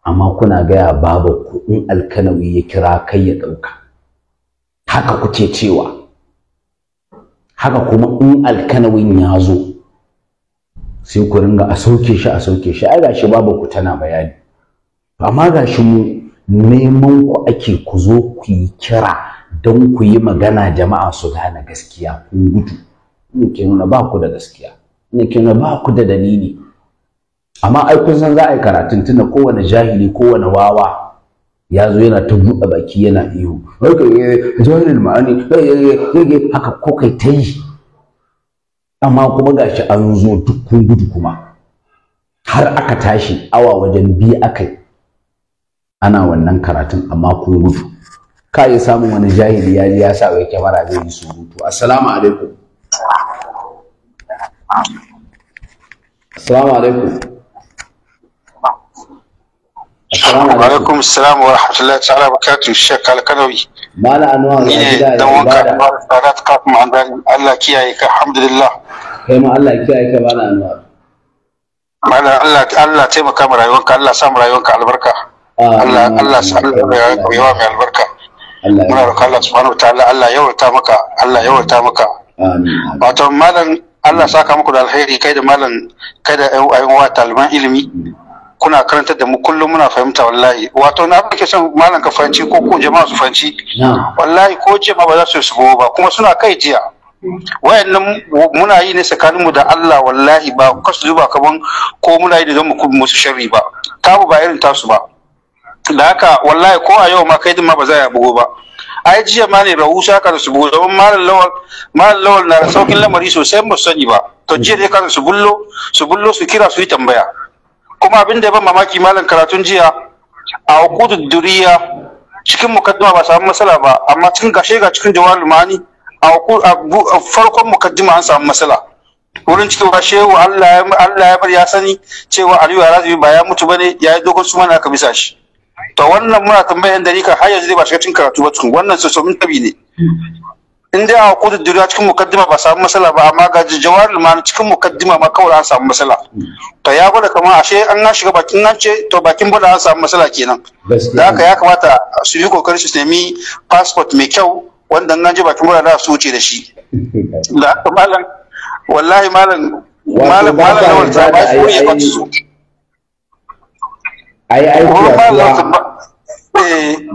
amma kuna gaya babanku in alkanawi ya kira kai ya ɗauka haka kuke cewa haka kuma in alkanawin ya zo sai ku ringa a sauke shi a sauke shi ai gashi babanku tana bayani amma ga shi mu neman ku ake ku zo ku yi kira don ku yi magana jama'a su gane gaskiya kun gudu in ke nuna ba ku da gaskiya in ke nuna ba ku da dalili amma ai kun san za a yi karatun tunda kowane jahili kowane wawa ya zo yana ta buɗe baki yana iyo eh, jahilin ma'ani eh, eh, haka ko kai ta yi amma kuma gashi an zo duk kun gudu kuma har aka tashi awa wajen biyu aka yi ana wannan karatun amma kun gudu ka yi samun wani jahili ya ya sa wai kyamara zai yi surutu assalamu alaikum assalamu alaikum assalamu alaikum assalamu wa rahmatullahi ta'ala wa barakatuh shek alkanawi mala anwa ne dan wanka da mara sadat kafin an Allah kiyaye ka alhamdulillah kai ma Allah kiyaye ka mala anwa mala Allah Allah taimaka mu rayuwanka Allah sa mu rayuwanka albarka Allah ah, Allah ya yawa mai albarka muna roƙon Allah subhanahu wataala Allah yawarta maka Allah yawarta maka wato malam Allah saka muku da alheri kai da malam kai da ƴan uwa taliban ilimi kuna karantar da mu kullum muna fahimta wallahi wato na ke son malam ka fanci ko ko jama'a su fanci wallahi ko jama'a ba za su su ba kuma suna kai jiya wayannan muna yi ne tsakaninmu da Allah wallahi ba kasu zuba kaman ko muna yi da zan mu musu sharri ba tabu ba irin tasu ba da haka wallahi ko a yau ma kai din ma ba za a bugo ba ai jiya ma ne rahu sha kan su bugo don malam lawal malam lawal na da saukin lamari sosai ba sani ba to jiya dai kan su bullo su bullo su kira su yi tambaya kuma abin da ya ban mamaki malam karatun jiya a hukudu duriya cikin mukaddima ba samu matsala ba amma cikin gashe ga cikin jawal mani a farkon mukaddima an samu matsala wurin cewa shehu Allah ya bar ya sani cewa Aliyu Arabi ba ya mutu bane ya yi dogon suma mana aka bisa shi to wannan muna tambayan da rika har yanzu dai ba shiga cikin karatu ba tukun wannan sosomin tabi ne in dai a kotu duniya cikin mukaddima ba samu matsala ba amma ga jawarul ma cikin mukaddima ma kawai an samu matsala to ya gwada kamar ashe an na shiga bakin nan ce to bakin bada an samu matsala kenan da haka ya kamata su yi kokari su nemi passport mai kyau wanda an ji bakin bada su wuce da shi da haka malam wallahi malam malam malam da ta ba su ne kwatu ai aiki a suwa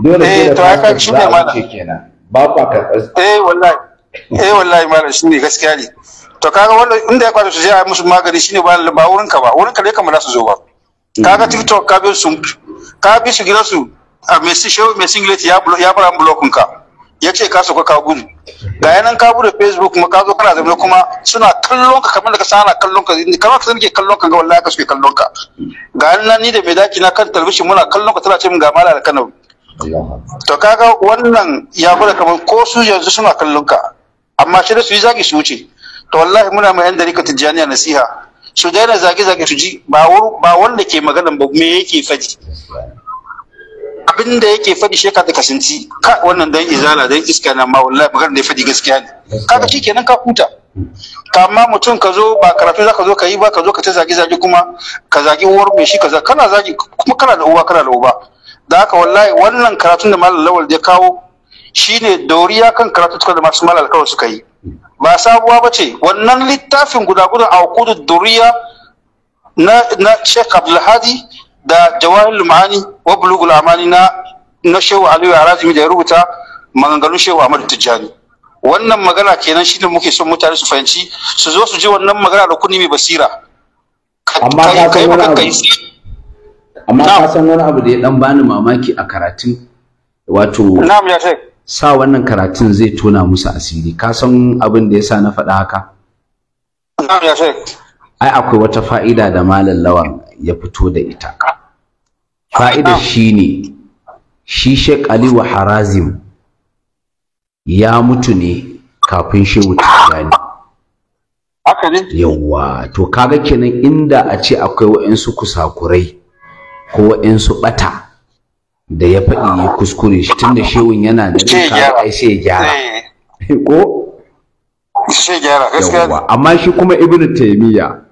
dole ne da fasfar za ne wuce kenan ba kwa karɓar eh wallahi eh wallahi malam shine gaskiya ne to kaga wannan inda ya kwata su je a musu magani shine ba ba wurin ka ba wurin ka ne kamar za su zo ba kaga mm. tiktok ka bi su ka bi su su a mai singlet ya ya bar an blokin ka ya ce ka sauka ka ga yanan ka bude facebook kuma ka zo kana zaune kuma suna kallon ka kamar da ka sana kallon ka kamar ka sanke ke kallon ka ga wallahi ka suke kallon ka ga nan ni da mai daki na kan talbishin muna kallon ka tana ce min ga mala da to kaga wannan ya gwada kamar ko su yanzu suna kallon ka amma shi da su yi zagi su wuce to wallahi muna mai yan rika tijjaniya nasiha su daina zage-zage su ji ba wanda ke maganan ba me yake faji abin da yake faɗi shi ka da kasanci ka wannan dan izala dan iska na ma wallahi magana da ya faɗi gaskiya ne Ka kaga kenan ka huta amma mutum ka zo ba karatu za ka zo ka yi ba ka zo ka ta zagi-zagi, kuma ka zagi uwar mai shi kaza kana zagi kuma kana da uwa kana da uba da haka wallahi wannan karatun da malam lawal ya kawo shine dauriya kan karatu da masu malam alkawar suka yi ba sabuwa ba ce wannan littafin guda guda a hukudu duriya na na Sheikh Abdulhadi da jawahir ma'ani wa bulugul amani na na shehu aliyu harazimi da ya rubuta maganganun shehu amadu tijjani wannan magana kenan shi ne muke son mutane su fahimci su zo su ji wannan magana da kuni mai basira amma ka san wani abu amma ka san wani abu da ya dan bani mamaki a karatun wato na'am ya sai sa wannan karatun zai tona musu asiri ka san abin da yasa na faɗa haka na'am ya sai ai akwai wata fa'ida da malallawa. ya fito da ita Fa'ida shi ne shi Sheikh Ali wa Harazim ya mutu ne kafin Shehu gani haka ne yawa to kaga kenan inda a ce akwai wa'ansu kusakurai ko wa'ansu bata da ya faɗi ya kuskure shi tunda shewun yana da kaga ai sai ya gyara eh. ko sai gyara gaskiya amma shi kuma Ibn Taymiyyah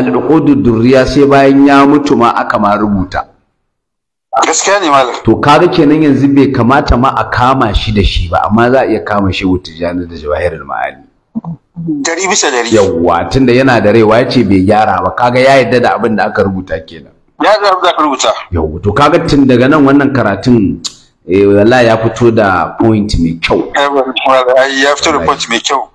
al'uqudu durriya sai bayan ya mutu ma aka ma rubuta gaskiya ne malam to kaga kenan yanzu bai kamata ma a kama shi da shi ba amma za a iya kama shi wutujani da jawahirul ma'ani dari bisa dari yawa tunda yana da rai wace bai gyara ba kaga ya yarda da abin da aka rubuta kenan ya yarda da aka rubuta yawa to kaga tun daga nan wannan karatun eh wallahi ya fito da point mai kyau eh, ya fito da point mai kyau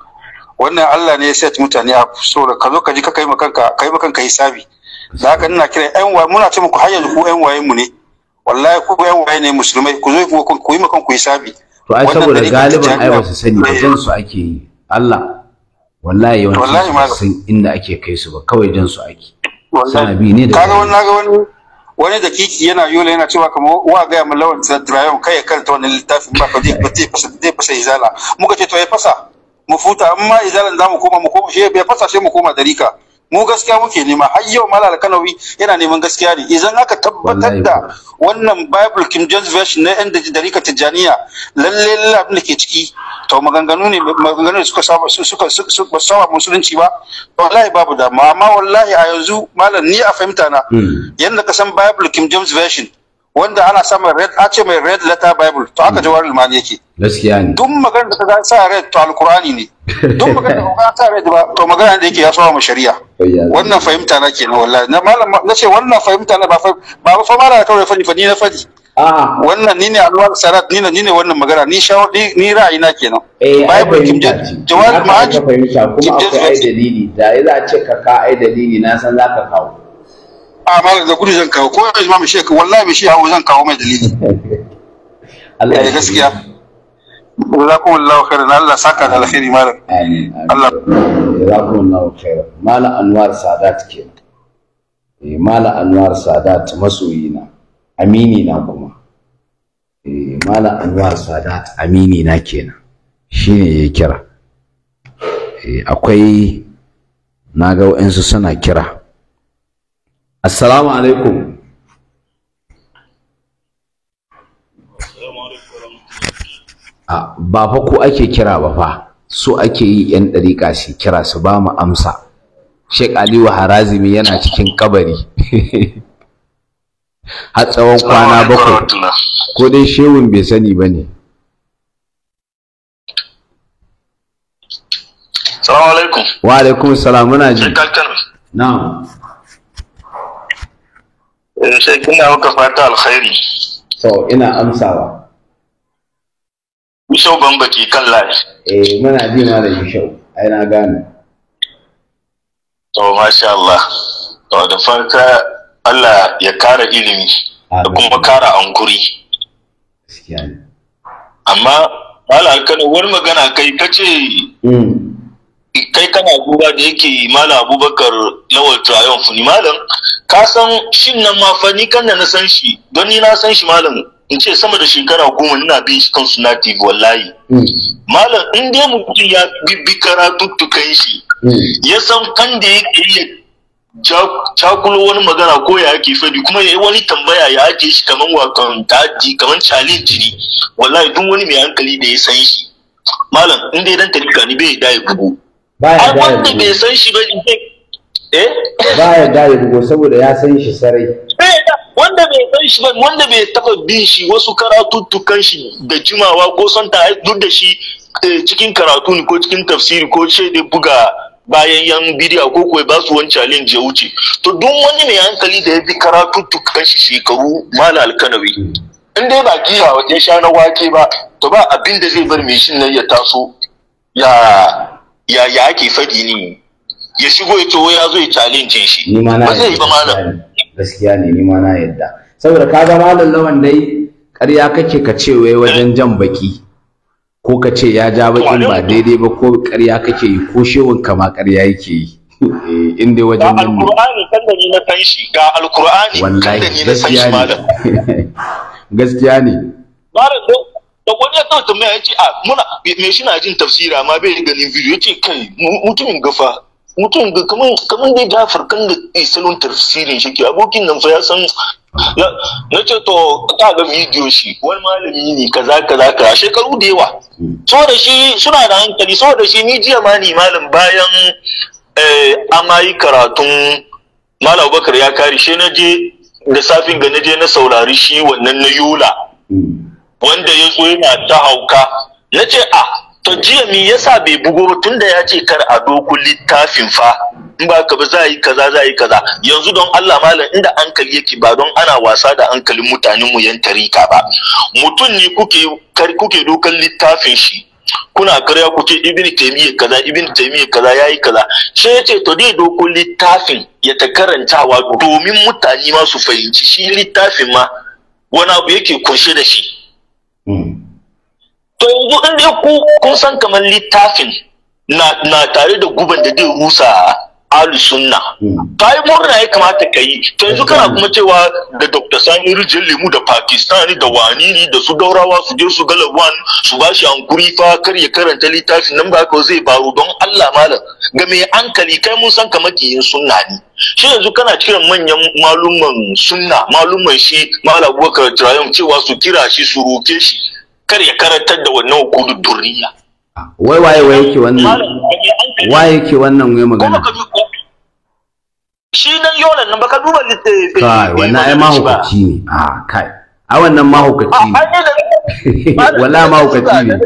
wannan Allah ne ya set mutane a so ka zo ka ji ka kai makanka kai makanka hisabi da haka ina kira yan waye muna ce muku har yanzu ku yan waye mu ne wallahi ku yan waye ne musulmai ku zo ku yi makanku hisabi to ai saboda galiban ai ba su sani a jan su ake yi Allah wallahi wallahi ma san inda ake kai su ba kawai jan su ake sanabi ne da kaga wannan ga wani wani kiki yana yola yana cewa kamar wa ga mu lawan drive kai ya karanta wannan littafin ba ka zai fasa zai fasa izala muka ce to ya fasa mu futa amma izalan za mu koma mu koma shi bai fasa sai mu koma dariƙa mu gaskiya muke nema har yau malal kanawi yana neman gaskiya ne idan aka tabbatar da wannan bible king james version na yan dariƙa tijaniya lalle lalle abin da ke ciki to maganganu ne maganganu suka saba suka suka saba musulunci ba wallahi babu da amma wallahi a yanzu malam ni a fahimta na hmm. yanda ka san bible king james version wanda ana samun red a ce mai red letter bible to aka hmm. ji warul mani yake gaskiya ne duk magana da kaga sa red to alqur'ani ne duk magana da kaga sa red ba to magana da yake ya saba mu shari'a wannan fahimta na ke wallahi na malam na ce wannan fahimta na ba ba fa mara kawai fani fani ni na fadi wannan ni ne alwar sarat ni ne ni ne wannan magana ni shawo ni ra'ayi na kenan eh, bible kim jawab ma'aji kuma akwai dalili da ya ce ka ka ai dalili na san zaka kawo a malam da gudu zan kawo ko yanzu ma mai shi wallahi mai shi hawo zan kawo mai dalili Allah ya eh, gaskiya jazakumullahu khairan Allah saka da alkhairi malam amin Allah jazakumullahu khairan malam Anwar Sadat ke eh malam Anwar Sadat masoyi na amini na kuma eh malam Anwar Sadat amini na kenan shine ya kira eh, akwai na ga wa'ansu suna kira assalamu alaikum ba fa ko ake kira ba fa so ake yi yan dariƙa shi kira su ba mu amsa Sheikh Aliyu Harazimi yana cikin kabari har tsawon kwana bakwai ko dai shehun bai sani ba ne salamu alaikum wa alaikum salam muna ji na'am Eh, sai kuna maka fata alkhairi to ina amsawa Bishau baki kan layi. Eh muna ji ma da Bishau, ai na gane. To masha Allah. To da farka Allah ya kara ilimi da kuma kara ankuri. Amma Mala Alkano wani magana kai ka ce hmm. kai kana duba da yake Mala Abubakar Lawal Trayon Funi Malam ka san shin nan ma fa ni kan na san shi don ni na san shi malam in ce sama da shekara goma ina bin shi kan suna TV wallahi hmm. malam in dai mutum ya karatu karatuttukan shi hmm. ya san kan da yake iya cakulo wani magana ko ya ake fadi kuma ya wani tambaya ya ake shi kaman wakan taji kaman challenge ne wallahi duk wani mai hankali da ya san shi malam in dai dan tarika ni bai da ya bugu ai wanda bai san shi ba Eh? ba ya da ko saboda ya san shi sarai eh, wanda bai san shi ba wanda bai taba bin shi wasu karatuttukan shi da jimawa ko son ta duk da shi eh, cikin karatu ne ko cikin tafsiri ko ce da buga bayan yan bidiya ko kuwa ba su wani challenge ya wuce to duk wani mai hankali da ya bi karatuttukan shi shekaru mala alkanawi in dai ba giya ya sha na wake ba to ba abin da zai bar mai shi nan ya taso ya ya ake fadi ne ya shigo ya ce wai ya zo ya challenge shi ba zai yi ba malam gaskiya ne ni ma na yadda saboda ka ga malam lawan dai ƙarya kake ka ce wai wajen jan baki ko ka ce ya ja bakin ba daidai ba ko ƙarya kake yi ko shewun ka ma ƙarya yake yi eh, in dai wajen nan ne alqur'ani kan da ni na san shi ga alqur'ani kan da ni na san shi malam gaskiya ne malam da wani ya tsawata mai ya ce a ah, muna me shi na jin tafsira ma bai ganin video ya ce kai mutumin gafa mutum ga kaman kaman dai Jafar da isalon tafsirin shi ke abokin nan fa ya san na ce to ka ga bidiyo shi wani malami ne kaza kaza a shekaru da yawa so da shi suna da hankali so da shi ni jiya ma ni malam bayan ma eh, yi karatun malam Abubakar ya kari, shi na je da safin ga na je na saurari shi wannan na Yola hmm. wanda ya zo yana ta hauka na ce a ah, to jiya me yasa bai bugo ba tunda ya ce kar a doku littafin fa in ba ka ba za yi kaza za yi kaza yanzu don Allah malam inda hankali yake ba don ana wasa da hankalin mutanen mu yan tarika ba mutum ne kuke kuke dokan littafin shi kuna karya ku ce ibn taymiyyah kaza ibn taymiyyah kaza yayi kaza sai yace to dai doko littafin ya ta karantawa domin mutane ma su fahimci shi littafin ma wani abu yake kunshe da shi hmm. to yanzu in dai ku kun san kamar littafin na na tare da guban da zai rusa alu sunna hmm. ta yi murna ya kamata ka yi to yanzu kana hmm. kuma cewa da dr sani rijiyar lemu da pakistani da wanini da su daurawa su je su wan su ba shi hankuri fa kar ya karanta littafin nan ba kawai zai baro don allah malam ga mai hankali kai mun san ka makiyin sunna ne shi yanzu kana kiran manyan malumman sunna malumman shi malam abubakar cewa su kira shi su roke shi kar ya karantar da wannan hukudud durriya wai waye waye yake wannan waye yake wannan wai magana shi nan yola nan baka duba kai wannan ai mahukaci ne a kai a wannan mahukaci ne wala mahukaci ne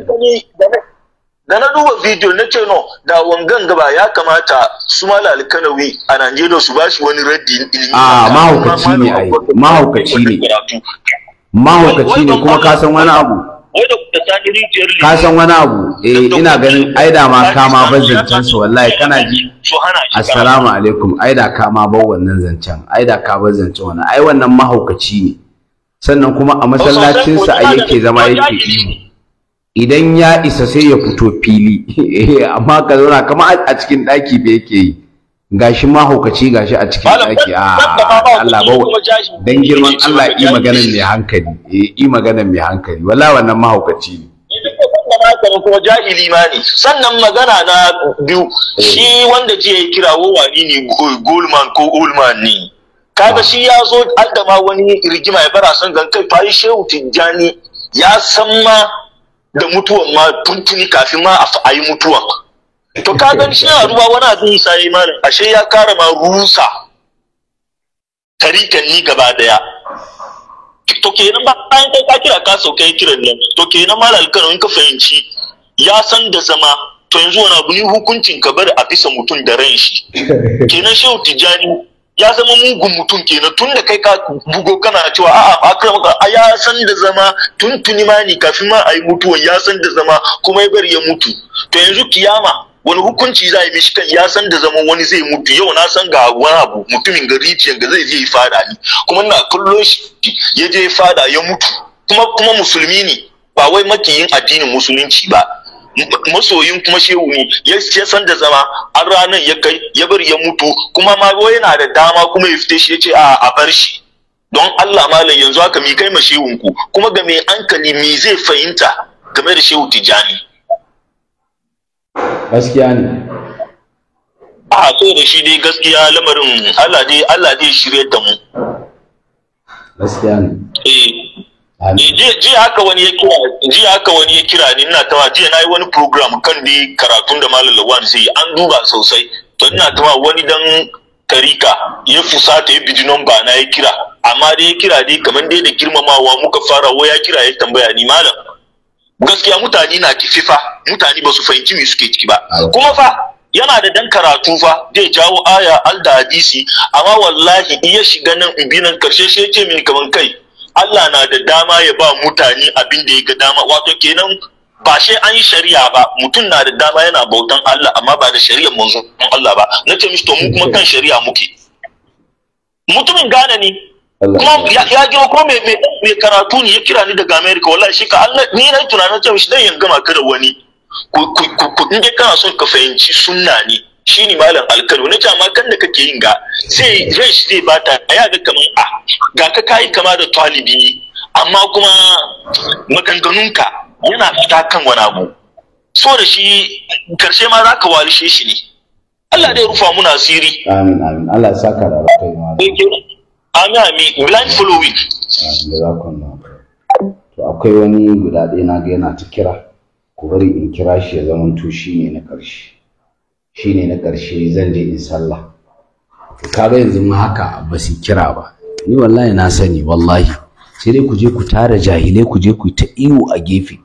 da na duba bidiyo na ce no da wangan gaba ya kamata su mala alkanawi a Najeriya su bashi wani reddi ilimi a mahukaci ne ai Mahukaci ne Mahukaci ne kuma ka san wani abu ka san wani abu eh ina ganin aida ma kama ban zancen su wallahi kana ji assalamu alaikum aida kama ban wannan zancen aida ka ban zancen wannan ai wannan mahaukaci ne sannan kuma a masallacin sa ai yake zama yake iyo idan ya isa sai ya fito fili eh, amma ka zauna kamar a cikin daki ba yake yi gashi mahaukaci gashi a cikin daki a ah, Allah ba dan girman Allah yi magana mai hankali eh, yi magana mai hankali wala wannan mahaukaci ne kuma jahili ma ne sannan magana na biyu eh. shi wanda jiya ya kira wani ne Goldman ko Oldman ne kaga ah. shi ya zo aldama wani rigima ya bara son gan kai fari shehu tijjani ya san ma da mutuwan ma tuntuni kafin ma a yi mutuwan to ka gan shi a ruwa wani abin sa yi malam ashe ya kara ma rusa tarikan ni gaba daya to kenan ba an kai ka kira ka sauka kiran nan to kenan malam alkano in ka fahimci ya san da zama to yanzu wani abu ni hukuncin ka bar a bisa mutum da ran shi kenan shehu tijani ya zama mugun mutum kenan tun da kai ka bugo kana cewa a'a maka a ya san da zama tun tuni ma ni kafin ma ayi mutuwa ya san da zama kuma ya bar ya mutu to yanzu kiyama wani hukunci za a yi mishi kan ya san da zaman wani zai mutu yau na san ga wani abu mutumin ga rijiyar ga zai je yi fada ni kuma ina kallo shi ya je fada ya mutu kuma kuma musulmi ne ba wai makiyin addinin musulunci ba masoyin kuma shehu ne ya san da zama an ranar ya kai ya bar ya mutu kuma ma yana da dama kuma ya fita shi ya ce a bar shi don Allah malam yanzu haka mi kai ma ku. kuma ga mai hankali mi zai fahimta game da shehu tijani gaskiya ne a so da shi dai gaskiya lamarin Allah dai Allah dai shirye da mu gaskiya ne eh, eh jiya haka wani ya kira ji haka wani ya kira ni ina tawa jiya nayi wani program kan dai karatun da malam Lawan sai an duba sosai to ina tawa wani dan tarika ya fusata ya biji number na ya kira amma dai ya kira dai kamar dai da girmamawa muka fara waya kira ya tambaya ni malam gaskiya mutane na kififa fa mutane ba su fahimci me suke ciki ba kuma fa yana da dan karatu fa zai jawo aya al hadisi amma wallahi iya shiga nan ibinan karshe shi yake min kaman kai Allah na da dama ya ba mutane abin da ya ga dama wato kenan ba shi an yi shari'a ba mutum na da dama yana bautan Allah amma ba da shari'ar manzon Allah ba nace ce mishi to mu kuma kan shari'a muke mutumin gane ne ya girma ko mai karatu ne ya kira ni daga America wallahi shi ka Allah ni na tunanin cewa shi dan yanga maka da wani ku in kana son ka fahimci sunna ne shi ne malam alkalu na jama kan da kake yin ga zai shi zai bata ya ga kaman a ah, ga ka kayi kama da talibi amma kuma maganganunka yana fita kan wani abu so da shi karshe ma zaka walishe shi ne Allah dai rufa muna asiri amin amin Allah ya saka da kai ma Ana mi, will follow it? To akwai wani guda ɗaya na ga yana ta kira, ku bari in kira shi ya zama to shi ne na ƙarshe. Shi ne na ƙarshe zan je in sallah. Ka ga yanzu ma haka ba su kira ba. Ni wallahi na sani wallahi. Sai dai ku je ku tara jahilai ku je ku ta ihu a gefe.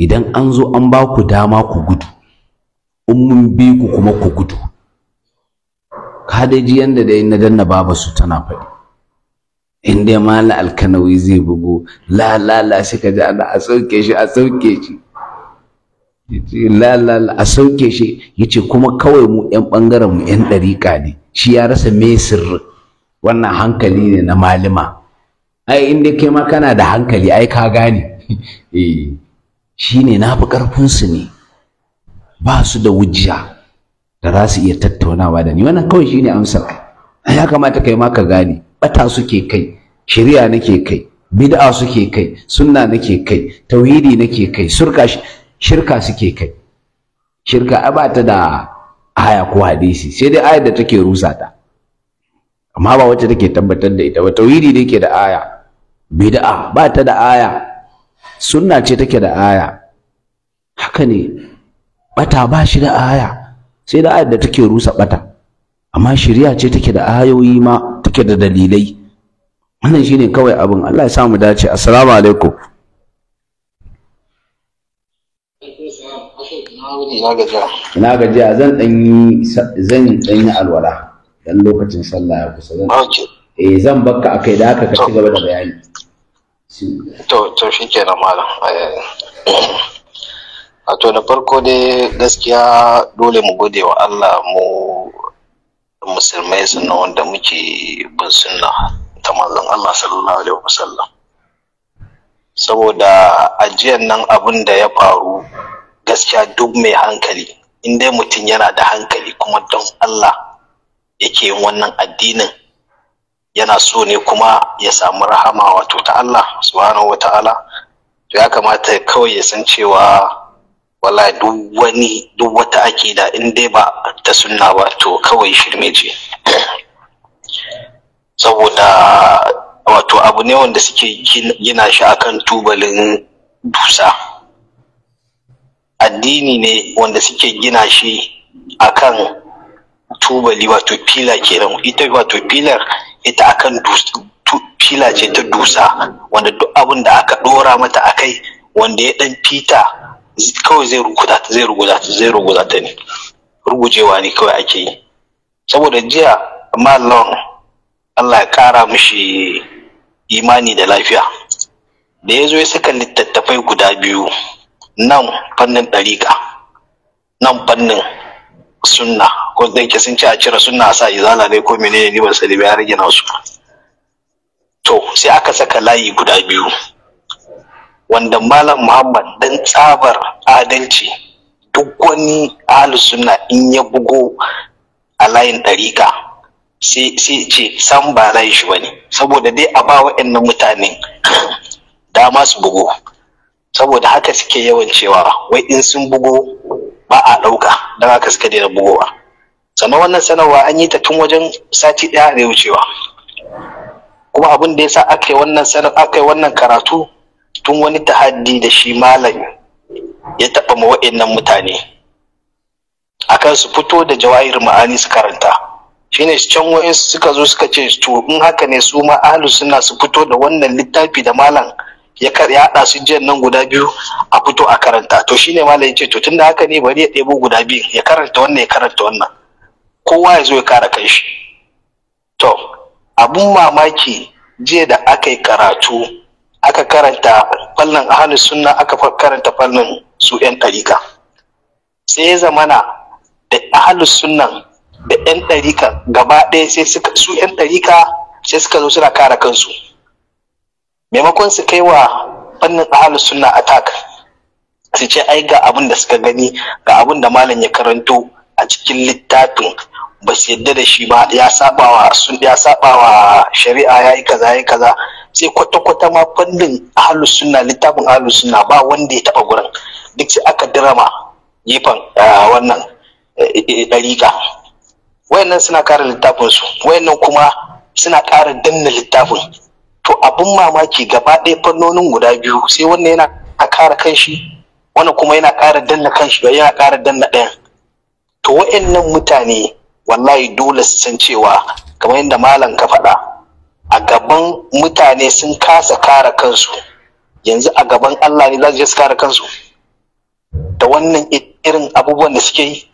Idan an zo an ba ku dama ku gudu. In mun bi ku kuma ku gudu. Ka dai ji yanda dai na danna baba su tana faɗi. in dai mala alkanawi zai bugu la la la sai ka ana a sauke shi a sauke shi la la la a sauke shi yace kuma kawai mu yan bangaren mu yan dariƙa ne shi ya rasa me sirri wannan hankali ne na malima ai in dai kai ma kana da hankali ai ka gane eh shine na fi karfin su ne ba su da wujiya da za su iya tattaunawa da ni wannan kawai shine amsar ya kamata kai ma ka gane bata suke kai shari'a nake kai bid'a suke kai sunna nake kai tauhidi nake kai surka shirka suke kai shirka ba bata da aya ko hadisi sai dai ayar da take rusa ta amma ba wacce take tabbatar da ita ba tauhidi da yake da aya bid'a ba ta da aya sunna ce take da aya haka ne bata ba shi da aya sai da ayar da take rusa bata amma shari'a ce take da ayoyi ma take da dalilai wannan ne kawai abin Allah ya sa mu dace assalamu alaikum ina gajiya zan ɗanyi yi zan dan alwala dan lokacin sallah ya kusa zan eh zan bakka akai da haka ka ci gaba da bayani to to shikenan malam eh, a to na farko dai gaskiya dole mu gode wa Allah mu musulmai sunna wanda muke bin sunna ta manzon Allah sallallahu alaihi wasallam saboda ajiyan nan abin da ya faru gaskiya duk mai hankali in dai mutum yana da hankali kuma don Allah yake yin wannan addinin yana so ne kuma ya samu rahama wato ta Allah subhanahu wata'ala to ya kamata kawai ya san cewa wala duk wani duk wata akida in dai ba ta sunna ba to kawai shirme ce saboda wato abu ne wanda suke gina shi akan tubalin dusa addini ne wanda suke gina shi akan tubali wato fila kenan ita wato filar ita akan fila ce ta dusa wanda duk abin da aka dora mata akai wanda ya dan fita kawai zai ruguza ta zai ruguza ta zai ruguza ta ne rugujewa ne kawai ake yi saboda jiya malon Allah ya ƙara mishi imani da lafiya da ya zo ya saka littattafai guda biyu nan fannin ɗariƙa nan fannin sunna ko ɗauke sun ce a cire sunna a sa izala ne ko menene ni ba sani ya rage nasu to sai aka saka layi guda biyu wanda malam muhammad dan tsabar adalci duk wani ahlus sunna in ya bugo a layin ɗariƙa sai ce san ba zai shi bane saboda dai a ba wa'annan mutanen dama su bugu saboda haka suke yawan cewa wai in sun bugu ba a ɗauka don haka suka daina bugowa sannan wannan sanarwa an yi ta tun wajen sati ɗaya da wucewa kuma abin da ya sa aka yi wannan sanar aka wannan karatu tun wani tahaddi da shi malam ya taɓa ma wa'annan mutane akan su fito da jawahir ma'ani su karanta shine can wa'in suka zo suka ce to in haka ne su ma ahlus sunna su fito da wannan littafi da malam ya haɗa su jiyan nan guda biyu a fito a karanta to shine malam ya ce to tunda haka ne bari ya ɗebo guda biyu ya karanta wannan ya karanta wannan kowa ya zo ya kara shi to abun mamaki jiya da aka yi karatu aka karanta fannin ahalus sunna aka karanta fannin su yan tarika sai ya zamana da ahalus sunnan da 'yan ɗarika gaba ɗaya sai su 'yan ɗarika sai suka zo suna kare kansu maimakon su kai wa fannin ahalus sunna attack su ce ai ga abin da suka gani ga abin da malam ya karanto a cikin littafin ba su yadda da shi ba ya sabawa sun ya sabawa shari'a yayi kaza yi kaza sai kwata kwata ma fannin ahalus suna littafin ahalus suna ba wanda ya taba gurin duk sai aka dirama gefen ah, wannan eh, eh, ɗarika. wayannan suna kare littafin su wayannan kuma suna ƙara danna littafin to abin mamaki gaba ɗaya fannonin guda biyu sai wannan yana kare kanshi wannan kuma yana ƙara danna kanshi yana ƙara danna ɗayan to wayannan mutane wallahi dole su san cewa kamar yadda malam ka faɗa a gaban mutane sun kasa kare kansu yanzu a gaban Allah ne za su je su kare kansu da wannan irin abubuwan da suke yi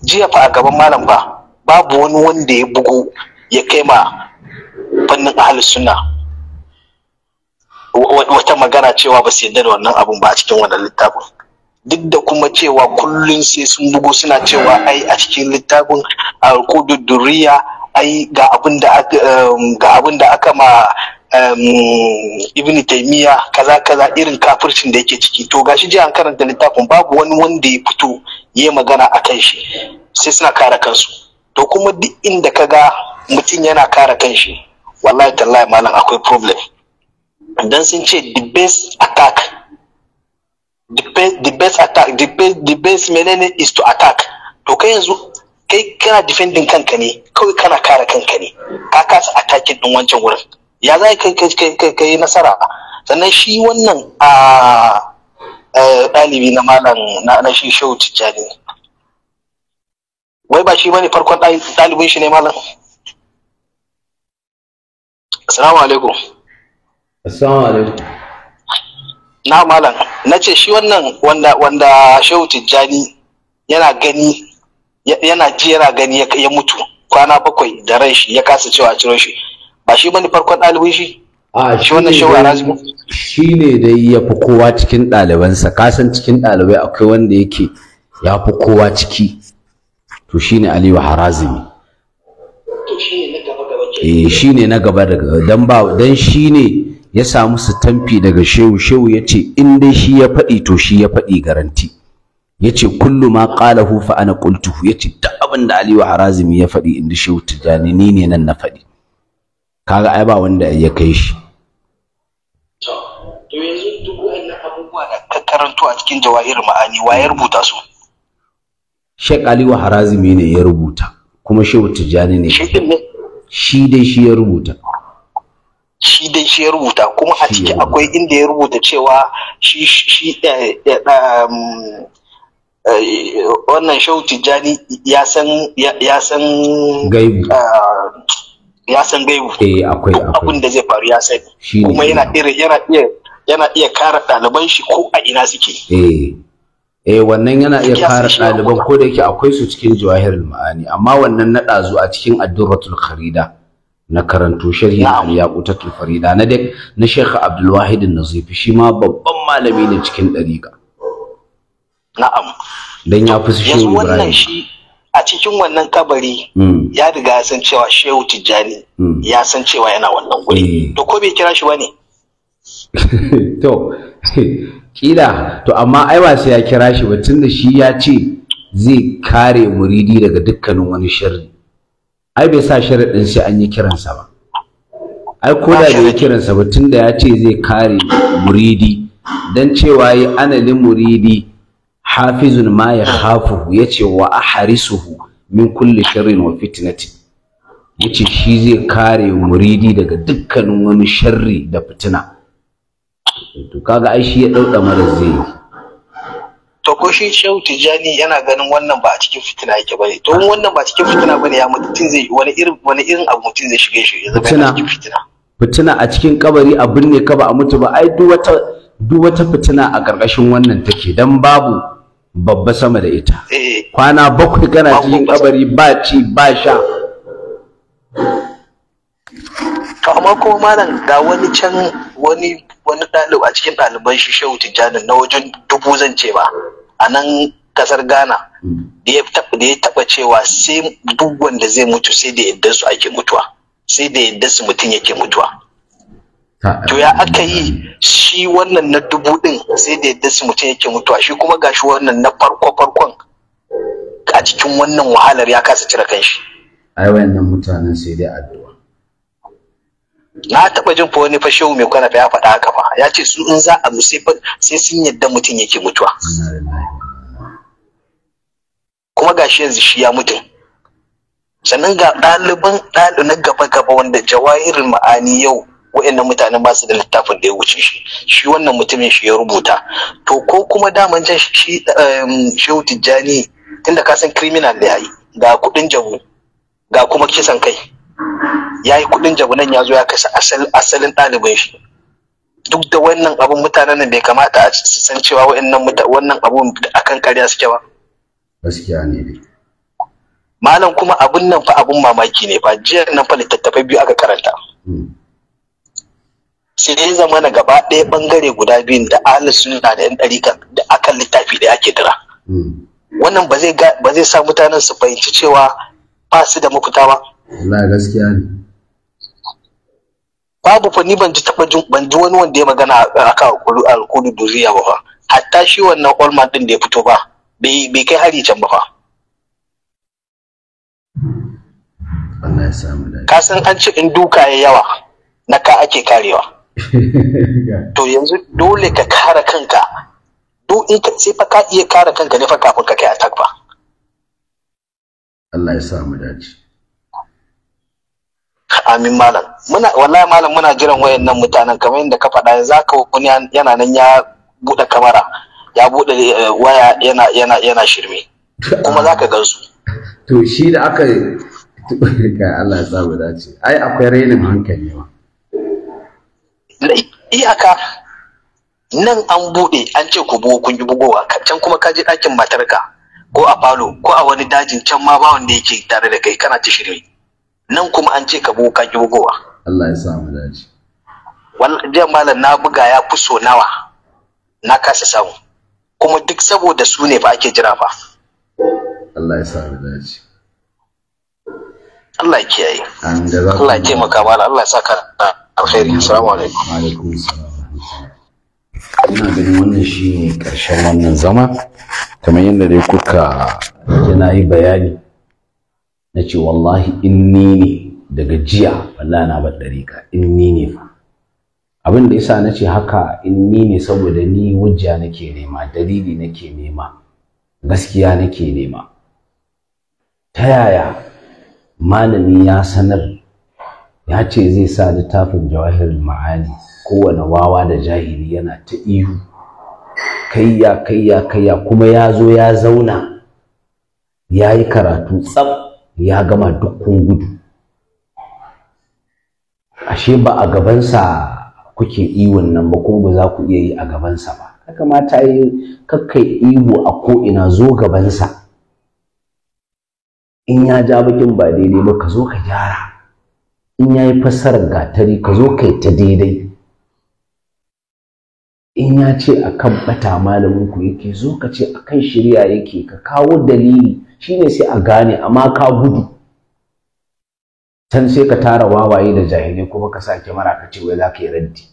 jiya fa a gaban malam ba babu wani wanda ya bugu ya kai ma fannin ahalus sunna wata magana cewa ba su yarda da wannan abun ba a cikin wannan littafin duk da kuma cewa kullum sai sun bugu suna cewa ai a cikin littafin alkudu ai ga abin um, da aka ma Um, ibn taimiyya kaza kaza irin kafircin da yake ciki to gashi ji an karanta littafin babu wani wanda ya fito ya magana a kan shi sai suna kare kansu to kuma duk inda ka ga mutum yana kare kanshi wallahi tallahi malam akwai problem dan sun ce the best attack the best the best attack the best the best menene is to attack to kai yanzu kai kana defending kanka ne kawai kana kare kanka ne ka kasa attacking din wancan wurin ya za ka yi nasara sannan shi wannan a ɗalibi na malam na shi shehu tijjani wai ba shi bane farkon ɗalibin shi ne malam assalamu alaikum assalamu alaikum na malam na ce shi wannan wanda wanda shehu tijjani yana gani yana ji yana gani ya mutu kwana bakwai da ran shi ya kasa cewa a ciro shi ba shi bane farkon ɗalibin shi shi wannan shehu shi ne dai ya fi kowa cikin ɗalibansa san cikin ɗalibai akwai wanda yake ya fi kowa ciki to shi ne aliyu harazimi eh, shi ne na gaba daga dan ba dan shi ne ya samu su tamfi daga shehu shehu ya ce in dai shi ya faɗi to shi ya faɗi garanti ya ce kullu ma ƙalahu fa ana ƙultuhu ya ce duk abin da aliyu harazimi ya faɗi in dai shehu tijjani ni ne nan na faɗi kaga ai ba wanda ya kai shi to yanzu duk wannan abubuwa da ka karanto a cikin jawahir ma'ani wa ya rubuta su Sheikh Ali wa Harazimi ne ya rubuta kuma Shehu Tijani ne shi dai shi ya rubuta shi dai shi ya rubuta kuma a ciki akwai inda ya rubuta cewa shi shi eh, eh, um, eh, wannan Shehu ya san ya san gaibu ah, ya san gaibu eh akwai abin da zai faru ya sani kuma yana iri yana iya yana iya kare ɗaliban shi ko a ina suke eh eh wannan yana iya kare ɗaliban ko da yake akwai su cikin jawahirul ma'ani amma wannan na ɗazu a cikin addurratul kharida na karanto sharhi al-yaqutatul farida na dai na Sheikh Abdul Wahid nazifi shi ma babban malami ne cikin dariqa na'am dan ya fi shi Ibrahim a cikin wannan kabari hmm. ya riga ya san cewa shehu tijjani hmm. ya san cewa yana wannan guri hmm. to ko bai kira shi bane to kila to amma ai ba sai ya kira shi ba tunda shi ya ce zai kare muridi daga dukkanin wani sharri ai bai sa sharaɗin sai an yi kiransa ba ai ko da bai kiransa ba tunda ya ce zai kare muridi dan cewa yi analin muridi hafizun ma ya hafu ya ce wa a harisuhu min kulle sharrin wa fitinati? ya ce shi zai kare muridi daga dukkanin wani sharri da fitina to kaga ai shi ya dauka mara zai to ko shi shehu tijjani yana ganin wannan ba a cikin fitina yake bane to wannan ba a cikin fitina bane ya mutum zai wani irin wani irin abu mutum zai shige shi ya zama cikin fitina fitina a cikin kabari abin ne ka ba a mutu ba ai duk wata duk wata fitina a ƙarƙashin wannan take dan babu babba sama da ita eh. kwana bakwai kana cikin kabari ba ci ba sha to amma kuma malam ga wani can wani wani ɗalib a cikin ɗaliban shi shehu tijjani na wajen dubu zan ce ba a nan kasar ghana hmm. da ya taɓa cewa sai duk wanda zai mutu sai da yadda su ake mutuwa sai da yadda su mutum yake mutuwa to ya aka yi shi wannan na dubu din sai da yadda su mutum yake mutuwa shi kuma gashi wannan na farko farkon a cikin wannan wahalar ya kasa cire kanshi ai wannan mutanen sai dai addu'a na taɓa jin fa wani fa shehu mai fa ya faɗa haka fa ya ce su in za a musai sai sun yadda mutum yake mutuwa kuma gashi yanzu shi ya mutu. sannan ga ɗaliban ɗalibin na gaba gaba wanda jawairin ma'ani yau wa'annan mutanen ba su da littafin da ya wuce shi shi wannan mutumin shi ya rubuta to ko kuma daman can shi um, shehu tijjani tunda ka san criminal da yayi ga kudin jabu ga kuma kisan kai ya yi kudin jabu nan ya zo ya kashe asalin ɗalibin shi duk da wannan abun mutanen nan bai kamata a san cewa wannan abun akan karya suke ba gaskiya ne dai malam kuma abun nan fa abun mamaki ne fa jiya nan fa littattafai biyu aka karanta hmm. sai ya zama na gaba ɗaya ɓangare guda biyun da ahli suna da yan ɗarika da akan littafi da ake dira hmm. wannan ba zai sa mutanen su fahimci cewa ba su da mafita ba Na gaskiya ne babu fa ni ban ji taɓa jin ban ji wani wanda ya magana a kan alkulu duriya ba fa hatta shi wannan olma ɗin da ya fito ba bai kai hari can ba fa Ka san an ce in duka ya yawa na ka ake karewa. to yanzu dole ka kare kanka duk in sai fa ka iya kare kanka ne fa kafin ka kai attack ba Allah ya sa mu dace amin malam muna wallahi malam muna jiran wayannan mutanen kamar yadda ka faɗa yanzu ka wani yana nan ya buɗe kamara ya buɗe eh, waya yana yana yana shirme kuma zaka gansu to shi da aka Allah ya sa mu dace ai akwai rainin hankali ma iyaka nan an buɗe an ce ku bugo kun yi bugowa can kuma ka je ɗakin matarka ko a falo ko a wani dajin can ma ba wanda yake tare da kai kana ta shirme nan kuma an ce ka bugo ka ki bugowa Allah ya samu daji wannan malam na buga ya fi so nawa na kasa samu kuma duk saboda su ne ba ake jira ba Allah ya mu dace Allah ya kiyaye Allah ya taimaka mala Allah ya saka alkhairi assalamu alaikum ina ganin wannan shine karshen wannan zama kamar yadda dai kuka ji na yi bayani na ce wallahi in ni ne daga jiya wallahi na bar dariƙa in ni ne fa abin da yasa na ce haka in ni ne saboda ni wujja nake nema dalili nake nema gaskiya nake nema ta yaya malami ya sanar ya ce zai sa littafin jawahir ma'ani kowane wawa da jahili yana ta ihu kayya kayya kayya kuma ya zo ya zauna ya yi karatu tsab ya gama dukkan gudu ashe ba a gabansa kuke iwon nan ba kuma ba za ku iya yi a gabansa ba ya kamata yi kakkai ihu a ko'ina zo gabansa in ya ja bakin ba daidai ba ka zo ka gyara in ya yi fassarar gatari ka zo kai ta daidai in ya ce a kan bata malamin ku yake zo ka ce a kan shirya yake ka kawo dalili shine sai a gane amma ka gudu can sai ka tara wawaye da jahilai kuma ka sa mara ka ce wai za ka yi raddi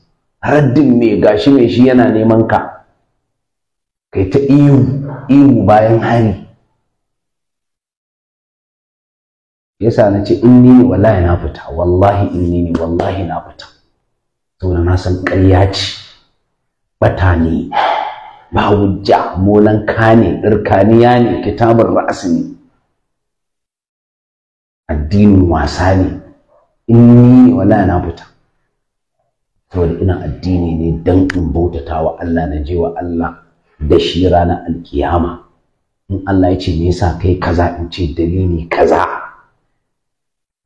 raddin me gashi mai shi yana neman ka kai ta ihu ihu bayan hari yasa na ce in ni ne wallahi na fita wallahi in ni ne wallahi na fita saboda na san ƙarya ce bata ne ba hujja molan ka ne ɗirkaniya ne kitabar ra'asi ne addinin wasa ne in ni ne wallahi na fita saboda ina addini ne dan in bautata wa Allah na je wa Allah da shi ranar alkiyama in Allah ya ce me yasa kai kaza in ce dalili kaza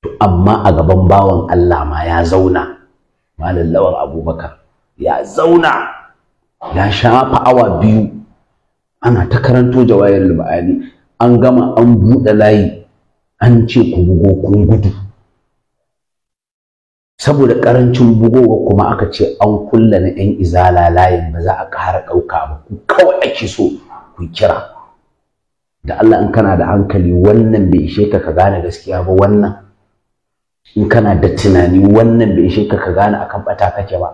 to amma a gaban bawan Allah ma ya zauna malam lawan abubakar ya zauna ya shafa awa biyu ana ta karanto jawayar lubani an gama an buɗe layi an ce ku bugo kun gudu saboda karancin bugowa kuma aka ce an kulla na yan izala layin ba za a ƙara ɗauka ba ku kawai ake so ku kira da Allah in kana da hankali wannan bai ishe ka ka gane gaskiya ba wannan in kana da tunani wannan bai ishe ka ka gane akan bata kake ba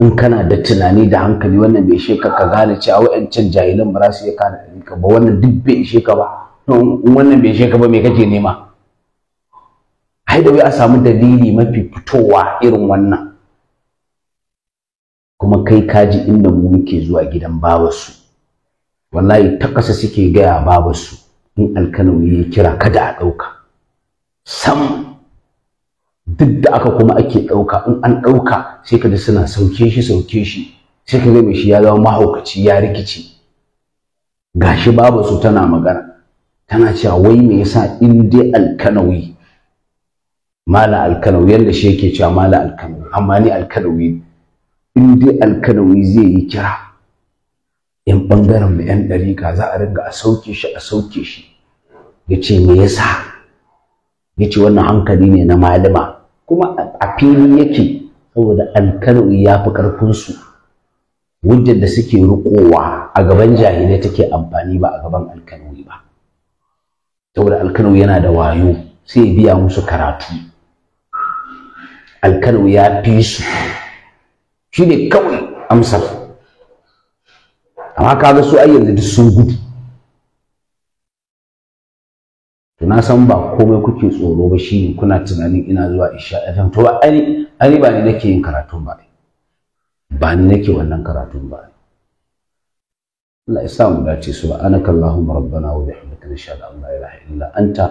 in kana da tunani da hankali wannan bai ishe ka ka gane cewa wa'ancan jahilan ba za su iya kana rika ba wannan duk bai ishe ka ba in wannan bai ishe ka ba me kake nema ai da wai a samu dalili mafi fitowa irin wannan kuma kai kaji inda mu muke zuwa gidan babarsu wallahi takasa suke gaya babarsu in alkanawi ya kira kada a ɗauka sam duk da aka kuma ake ɗauka in an ɗauka sai ka ji suna sauke shi sauke shi sai ka ga mai shi ya zama mahaukaci ya rikici gashi babu su tana magana tana cewa wai me yasa in dai alkanawi mala alkanawi yanda shi yake cewa mala alkanawi amma ni alkanawi in dai alkanawi zai yi kira yan bangaren mu yan ɗarika za a ringa a sauke shi a sauke shi ya ce me yasa ya ce wannan hankali ne na malama kuma a fili yake saboda alkalu ya fi ƙarfinsu hujjar da suke rukowa, a gaban jahilai take amfani ba a gaban alkalu ba saboda alkalu yana da wayo sai ya biya musu karatu alkalu ya fi su shi ne kawai amsar amma kaga su ai yanzu duk sun gudu to na san ba komai kuke tsoro ba shine kuna tunanin ina zuwa isha FM to ba ani ani ba ni nake yin karatun ba ba ni nake wannan karatun ba Allah ya sa mu dace subhanakallahumma rabbana wa bihamdika nashhadu an la ilaha illa anta